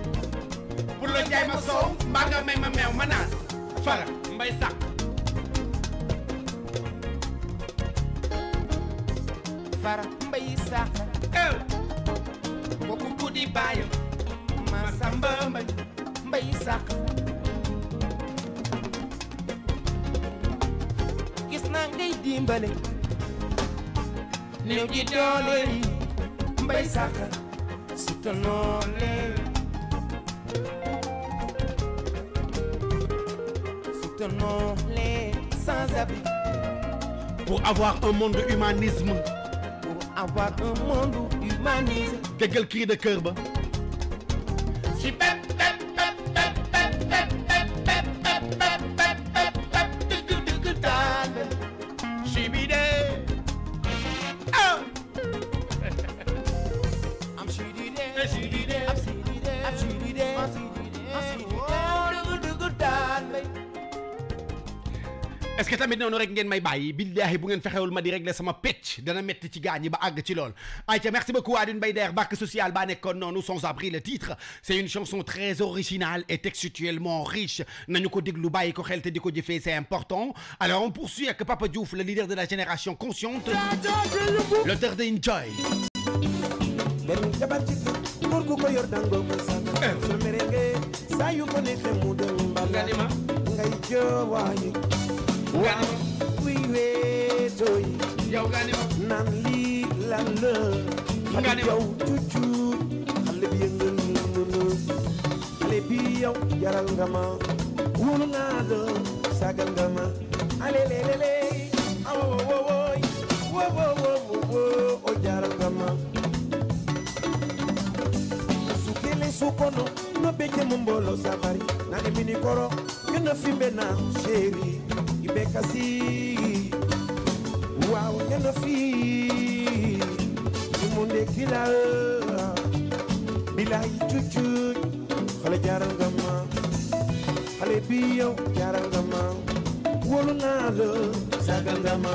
pour la jaay ma soow mbaa nga ma meew ma naan fara mbay sàkk fara mbay sàkk ew bokku kudi bayo bàyyam ma sàmba mbay mbay sàkk gis naa ngay dimbalé néew di doole mbay sàkk sitono le monde les sans-abri. Pour avoir un monde humanisme. Pour avoir un monde humanisme. Quel crie de cœur, Super. te tamit noonu rek ngeen may bàyyi billahi bu ngeen fexewul ma di régler sama pecc dana metti ci gañ yi ba ag ci lool ay ayca merci beaucoup Adoune Mbaye Der barque sociale ba nekkoon noonu sans abri le titre c'est une chanson très originale et textuellement riche nañu ko diglu bàyyi ko xel te diko jëfé c'est important alors on poursuit avec Papa Diouf le leader de la génération consciente l'auteur de Enjoy benn gan buy weetooy lii lan la xale yow cucu xale bi yëngal mëna xale bi jaral nga ma wóolu naa la nga ma ale lelele awo wo woy o jaral nga ma sukele sukono no beje mo mbolo safari nane mini koro yo no fimbe na gi bekka si waaw fii ci mu ndekki la bilaay cuucuuc xale jaaral nga ma xale bi yow jaaral nga ma wóolu naa la sagal nga ma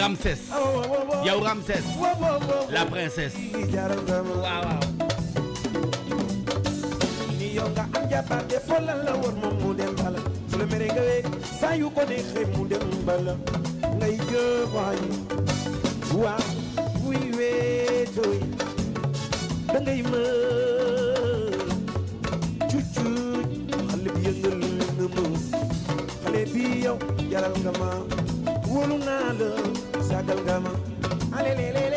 Ramsès yow la princesse waaw waaw ni yow de folal la war moom mu dem la mere nga weeg saa yu ko neexee mu dem bala ngay jëbaay waa buy weetooy da ngay ma cuccuuj xale bi yëngal na ma xale bi yow jaral nga ma wóolu naa la sagal nga ma alelele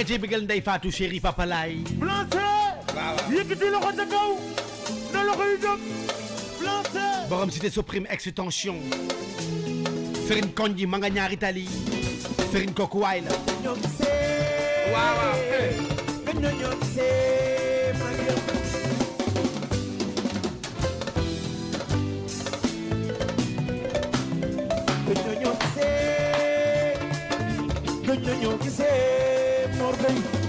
nga cee bëggal Ndeye Fatou chéri Papa Laye. Blanché. waaw yëkkati loxo ca kaw. na loxo yu jóg. Blanché. borom cité suprême extension. Serigne Konji ma nga ñaari tali. Serigne kooku la. ñoom see. waaw something?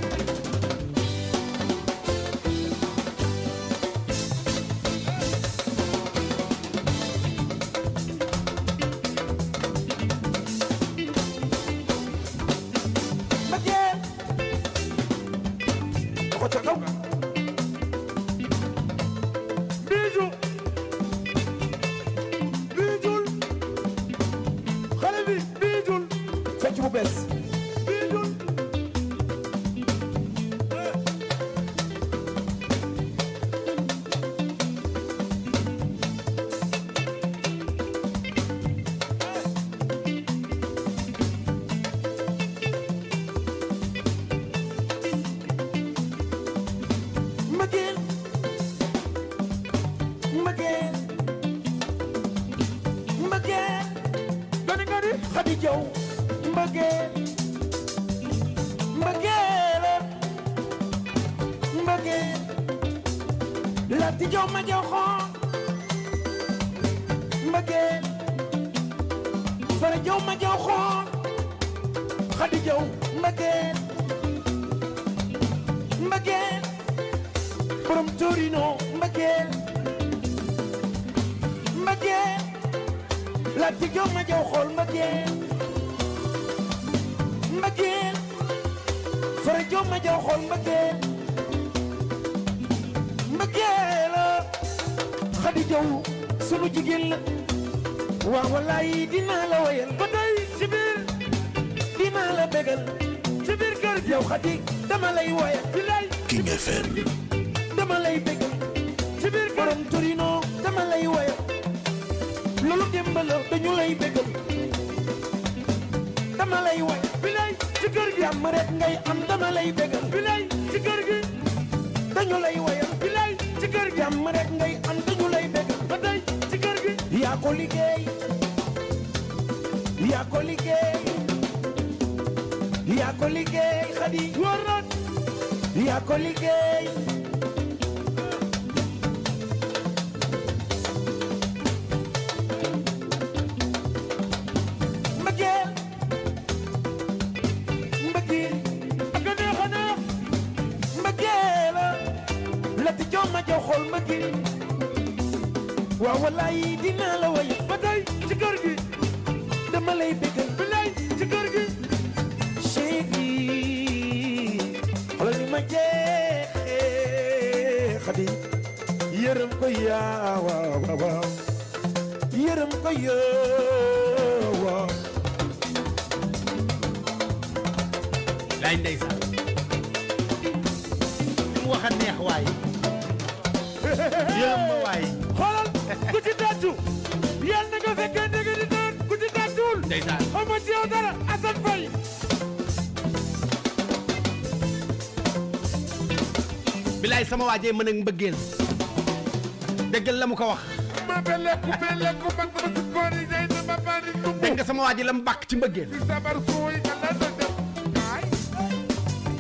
ci jow ma jow xoon mbëggeel fara jow ma jow xoon xadi jow mbëggeel mbëggeel borom Torino mbëggeel mbëggeel la ci ma jow xool mbëggeel mbëggeel fara jow ma jow xool mbëggeel mbëggeel xadi jaw sunu jigéen la waa wallaay dinaa la wayal ba tey ci biir dinaa la bégal ci biir kër gi yow xadi dama lay wayal bilaay King FM dama lay bégal ci biir kër borom lay wayal loolu démb dañu lay bégal dama lay ci kër gi am rek ngay am dama lay bégal bilaay lay ci kër gi am rek ngay yaa ko liggéey yaa ko liggéey yaa ko liggéey xadi wóor na yaa ko liggéey waajee mën ko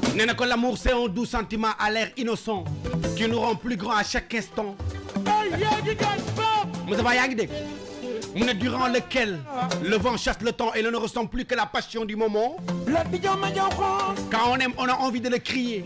wax l'amour c'est un doux sentiment à l'air innocent qui nous rend plus grand à chaque instant Mais ça va y durant lequel le vent chasse le temps et l'on ne ressent plus que la passion du moment quand on aime on a envie de le crier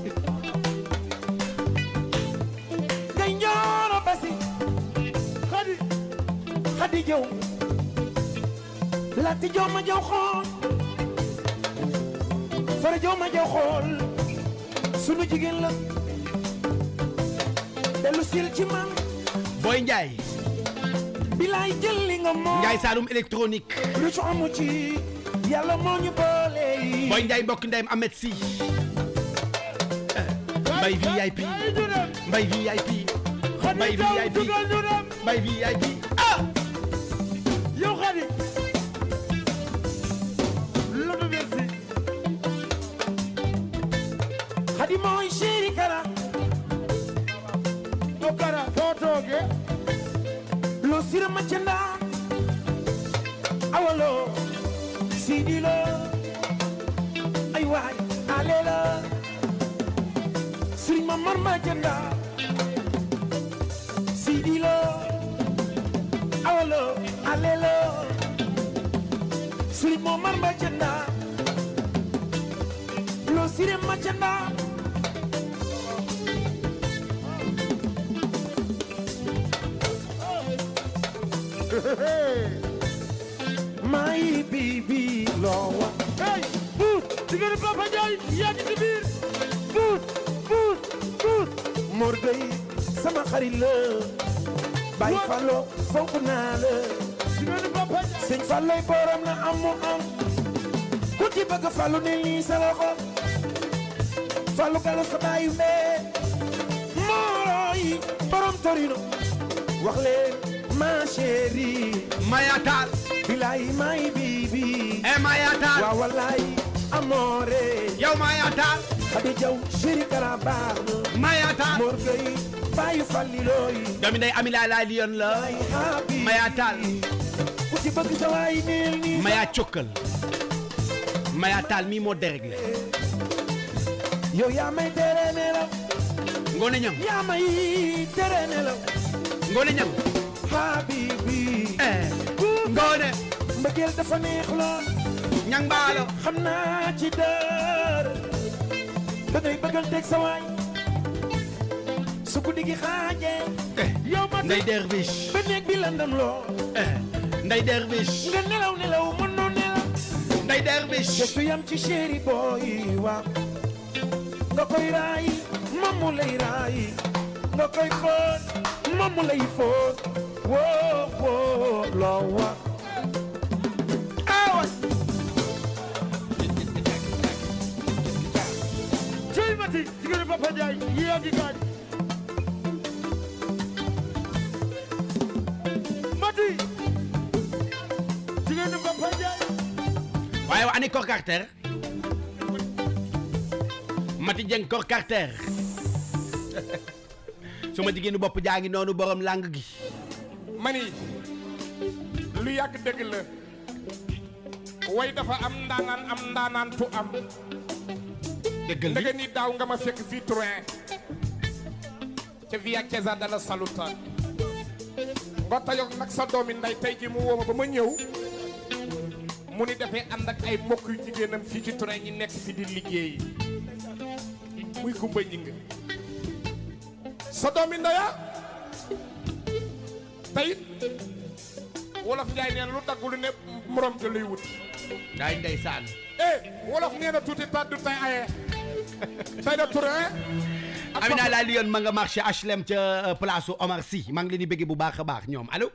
basi xadi xadi jëw lati jëw ma jëw sunu jigéen la dellu sil ci man booy njaay bilaay jël li nga moom njaay saalum électronique rëccu amu ci yàlla moo ñu boole yi booy njaay mbokk ndeyam amet si VIP bay VIP bay VIP ah xadi loolu merci xadi mooy chéri kara o kara foo sira ma canda awalo sidi lo ay waay ma mar ma Sri Momar Bajanda Lo Sri Majanda My baby Lowa Hey, boot, tigere papa jay, ya di tibir Boot, boot, boot Morday, sama xarit la Bay falo, fonk naa sëñ Fallay borom na am ku ci bëgg fallu ne lii sa loxo fallu galo sa bàyyi mbee mooy borom torino wax leen ma chérie mayatal bilaay may bibi e eh, mayatal waaw wallaay amoore yow mayatal xadi jaw chéri kala baax na mayatal mor gay bàyyi falli looy doomi day ami laa laa ci bëgg sa waay neel nii maya cokkal maya taal mi moo déréglé yow yaa may tere nelaw ngone ñam yaa may tere nelaw ngone ñam habibi eh ngone mbëggeel dafa neex lool ñang baalo xam ci dër da ngay bëggal teg sa waay su guddi gi eh, yow ma lool eh Ndeye Derbiche. nga nelaw nelaw mënoo nelaw. Ndeye Derbiche. gëstu yam ci chéri booy wa. nga koy raay moomu lay raay. nga koy foon moomu lay foon. woo woo loo wa. awa. cey mati jigéen Papa Ndiaye yi yaa ngi Kor Carter Mati Dieng Kor Carter suma jigéenu bopp jaa ngi noonu borom lang gi mani lu yàgg dëgg la way dafa am ndaanaan am ndaanaan tu am dëggal ndege ni daaw nga ma fekk fii Turin eh? ca via Cesare della Salute ngoo tayog nag sa doomi nday tey ji mu wooma ba ma ñëw muni defé dafay ak ay mbokk yu jigenam fi ci Touré ñi nekk fi di liggéey muy ku mbay ñinga sa domi ndaya ah. tayit wolof njaay nee na lu daggulu ne morom ja luy wuti ndaay ndeysaan eh wolof neena tuti tuuti tàddu tay ayé tay da Touré eh? Amina la lion ma nga marché HLM ci euh, place Omar Sy ma ngi leen di bëgg bu baax baax ñom allô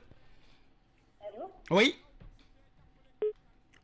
oui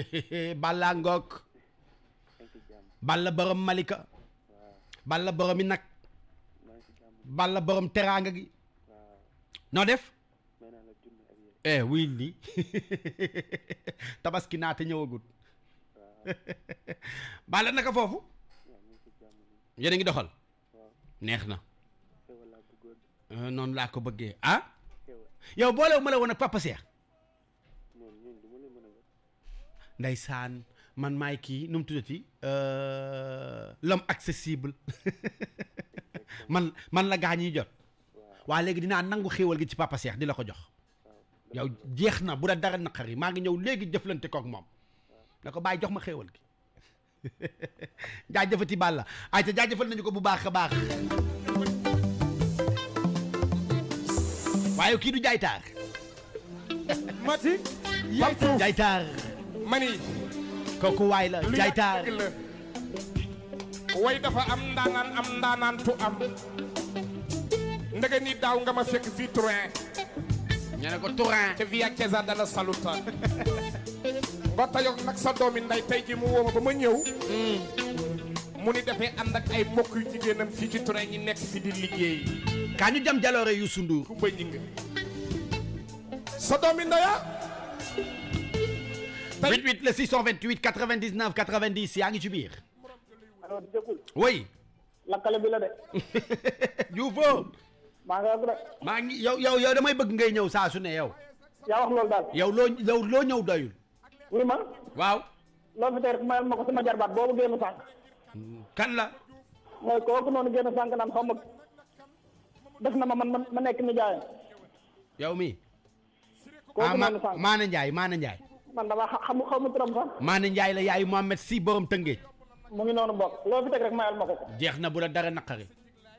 Balla Ngoog Balla borom Malika Balla borom i nag Balla borom teraanga gi noo def eh wii li tabaski naata ñëwagut Balla naka foofu yéen ngi doxal neex na eh, noonu laa ko bëggee ah yow boolewu ma la woon ak Papa ndeysaan man maay kii nu mu tuddati euh, l'homme accessible man man la gaa ñiy jot waa léegi dinaa nangu xéewal gi ci papa Cheikh di la ko jox yow jeex na bu da dara naqari maa ngi ñëw léegi jëflante kook moom na ko bàyyi jox ma xéewal gi jaajëfati Balla ay te jaajëfal nañu ko bu baax a baax waaye kii du mani kooku waay la jaytaar way dafa am ndaanaan am ndaanaan tu am ndege ni daaw nga ma fekk fii Turin ñu ne ko Turin ca Via Chiesa della Salute nga tayoog nag sa doomi nday tey ji mu woo ma ba ma ñëw hmm. mu ni dafay ànd ak ay mbokk yu jigéenam fii ci Turin ñi nekk fi di liggéey kaa ñu jam jaloore yu sunduur ku bëñ sa doomi ndaya 28 le 628 99 90 yaa ngi ci biir. alors déglu. oui. lakkale bi la de. Dioufo. maa ngi rafetlu. maa ngi yow yow yow damay bëgg ngay ñëw saa su ne yow. yaa wax loolu daal. yow loo yow loo ñëw doyul. wuri ma. waaw. loo fi tey rek mayal ma ko sama jarbaat boobu génn sànq. kan la. mooy kooku noonu génn sànq naan xaw ma na ma man ma nekk nijaayam. yow mi kooku ah, noonu sànq ah maana Ndiaye maana Ndiaye. man dama xamu xaw ma turam sax. maane Njaay la yaayu Mohamed si borom tëngee. mu ngi noonu bokk loo fi teg rek mayal ma ko ko. jeex na bu la dara naqari.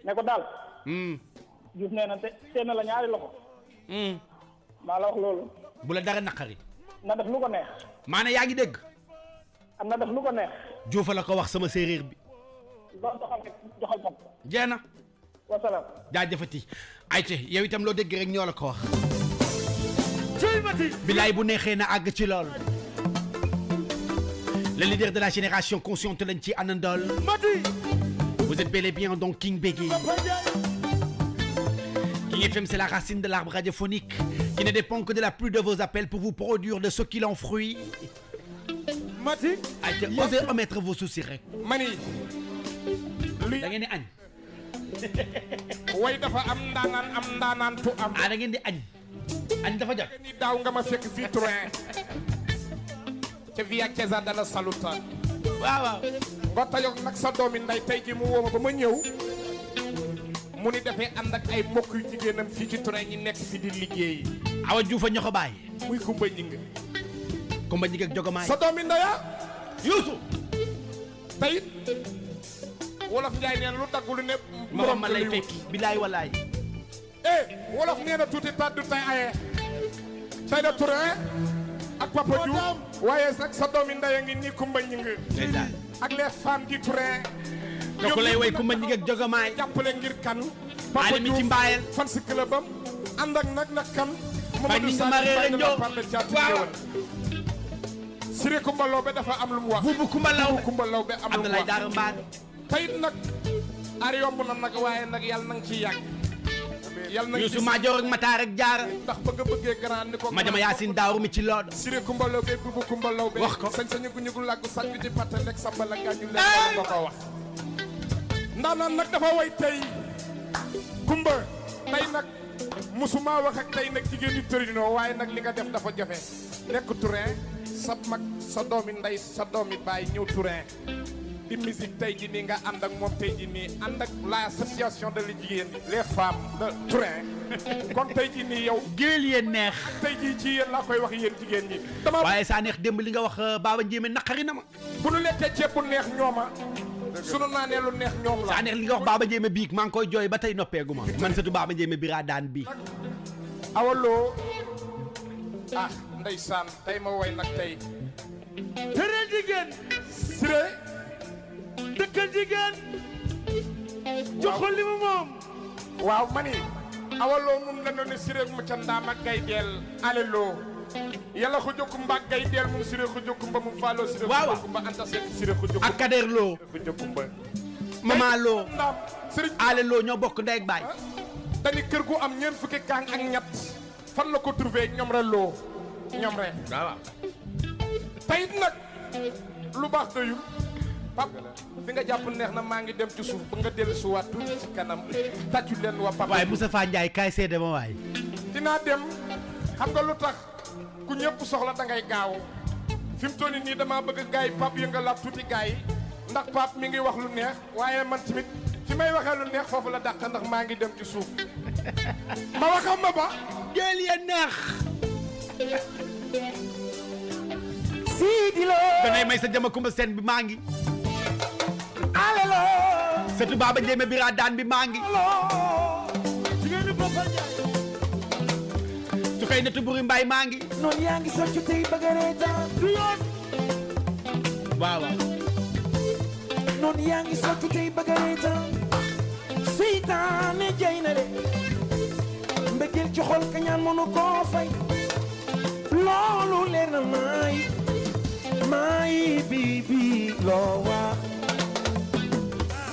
ne ko daal. Diouf hmm. nee na te seen la ñaari loxo. Hmm. maa la wax loolu. bu la na def lu ko neex. maane yaa ngi dégg. am na def lu ko neex. Diouf ko wax sama séeréer bi. loo doxal rek joxal jeex na. wasalaam. jaajëfati ayca yow itam loo dégg rek ñoo la ko wax. le leader de la génération consciente lenti anandol. vous êtes bel et bien donc King Bégué King FM c'est la racine de l'arbre radiophonique qui ne dépend que de la pluie de vos appels pour vous produire de ce qu'il en fruit mati osez omettre vos soucis añ dafa jot ni daaw nga ma fekk fii train ca via César dala saluta waaw waaw nga tayoog nag sa doomi nday tey ji mu woo ma ba ma mu ni dafay ànd ay mbokk yu jigéenam fii ci train ñi nekk fi di liggéey awa juufa ñoo ko bàyyi muy kumba ñing kumba ñing ak jogomaay sa doomi ndaya yuusu tey wolof njaay neen lu dagg ne morom ma lay fekk bilaay walaay eh wolof nee na tuuti taat du tey aye tey da Touré ak Papa Diouf waaye nag sa doomi ndey a ngi nii Kumba Ñing ak les femmes di Touré ko lay way Kumba Ñing ak jàppale ngir kan Papa Diouf ci mbaayel fan si club am ak nag nag kan Mamadou Sarr Mbaye parle jaati ñëwal Siré Kumba Lawbe dafa am lu mu wax buubu Kumba Lawbe Kumba Lawbe am lu mu wax tey nag ar yomb na nag waaye nag yàlla na ci ciy Youssou Madior ak Matar ak Diarra ndax bëgg bëggee grand ni ko ma jama Yacine Daaru mi ci lood siré kumbalaw be bubu kumbalaw be wax ko sañ sañu gu ñugul làggu sang di patta lekk samba la gaañu lekk nga ko wax ndax naan nag dafa way tey kumba tey nag musuma wax ak tey nag jigéen ñi tërinoo waaye nag li nga def dafa jafe nekk turin sa mag sa doomi ndey sa doomi baay ñëw turin di musique tey ji nii nga ànd ak moom tey ji nii ànd ak la association de la jigéen les femmes de train kon tey ji nii yow géel yéen neex tey ji ci yéen laa koy wax yéen jigéen ñi dama waaye saa neex démb li nga wax euh, baaba njéeme naqari na ma bu nu lekkee ceeb bu neex ñooma sunu naanee lu neex ñoom la saa neex li nga wax baaba njéeme biig maa ngi koy jooy ba tey noppeegu ma man surtout baaba njéeme biraa daan bii awaloo ah ndeysaan tey ma woy nag tey tere dëkkal jigéen jox ko li mu moom waaw mani awaloo mum la noon siréeg mu candaam ak gay deel aleloo yàlla ko jokkum ba gay deel mum faaloo sirée ko jokkum ba anta seet sirée ko jokkum ak loo ñoo bokk ndey ak baay dani ah. kër gu am ñeent fukki kaang ak ñett fan la ko trouvé ñoom re loo ñoom re tayit nag lu baax doyul pap bi nga jàpp neex na maa ngi dem ci suuf ba nga dellu suwaat tuuti ci kanam tàccu leen waa pap waaye Moustapha Ndiaye dem xam nga lu ku ñëpp soxla da ngay gaaw fi mu toll bëgg gaay pap yëngalaat tuuti gaay ndax pap mi ngi wax lu neex waaye man tamit fi may waxee lu neex la ndax ngi dem ci suuf ma waxam ma ba géel ya neex sii di may sa jama kumba bi setu baaba jéeme bira daan bi maa ngi su kay netu buri mbay maa ngi noonu yaa ngi soccu tey bëgga du yoon waaw noonu yaa ngi soccu tey bëgga reetaan seytaane jay na le mbëggeel kañaan mënu koo loolu leer na maay maay bii bii loo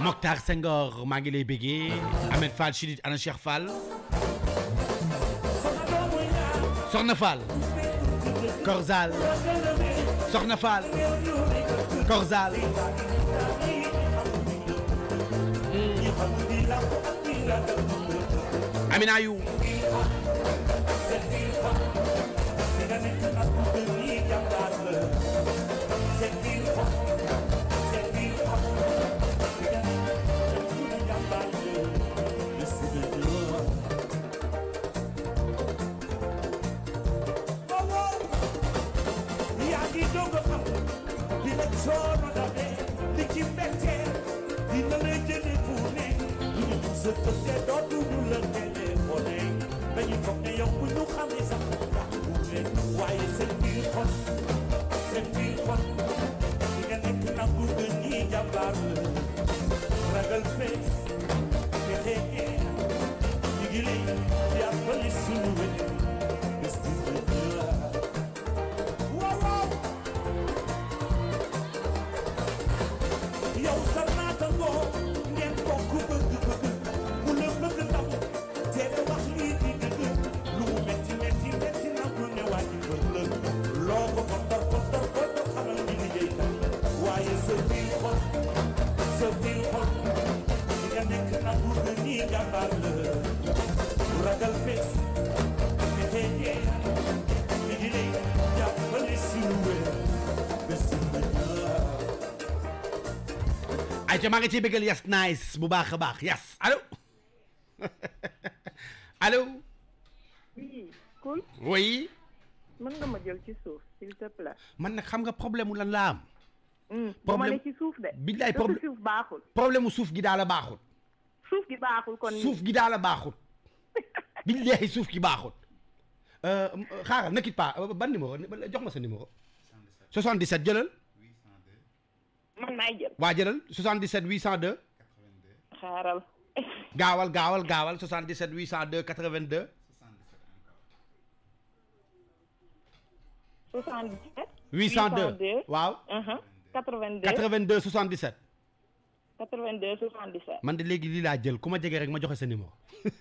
Mokhtar Senghor maa Bégué, Ahmed Fall Chidid Anachir Fall Korzal Sornafal, Korzal Amina dem soo ma dabee li ci mbetteel dina la jëlee fu ne lu ñu mës a tëddee dootuñu la téléphoné dañu foog ne yow bu ñu xamee sax mu tax bu leen waaye seen biir xol seen biir xol di nga nekk nangu nga ñii ragal fees ayca maa ngi ciy bëggal yas nice bu baax a baax yas allo allo. oui. cool. oui. mën nga ma suuf man nag xam nga problème mu lan laa am. Hmm, problème ci suuf de. baaxul. problème mu suuf gi daal la baaxul. suuf kon. suuf gi daal la baaxul. billaay suuf gi baaxul. Euh, euh, xaaral ne quitte pas euh, ban numéro jox ma sa numéro. 77 77 jëlal. man maay jël. waa jëlal 77 802. xaaral. gaawal gaawal gaawal 77 802 82. 77. 802 waaw. 82 82 77. 82 77. man de léegi lii laa jël ku ma jege rek ma joxe sa numéro.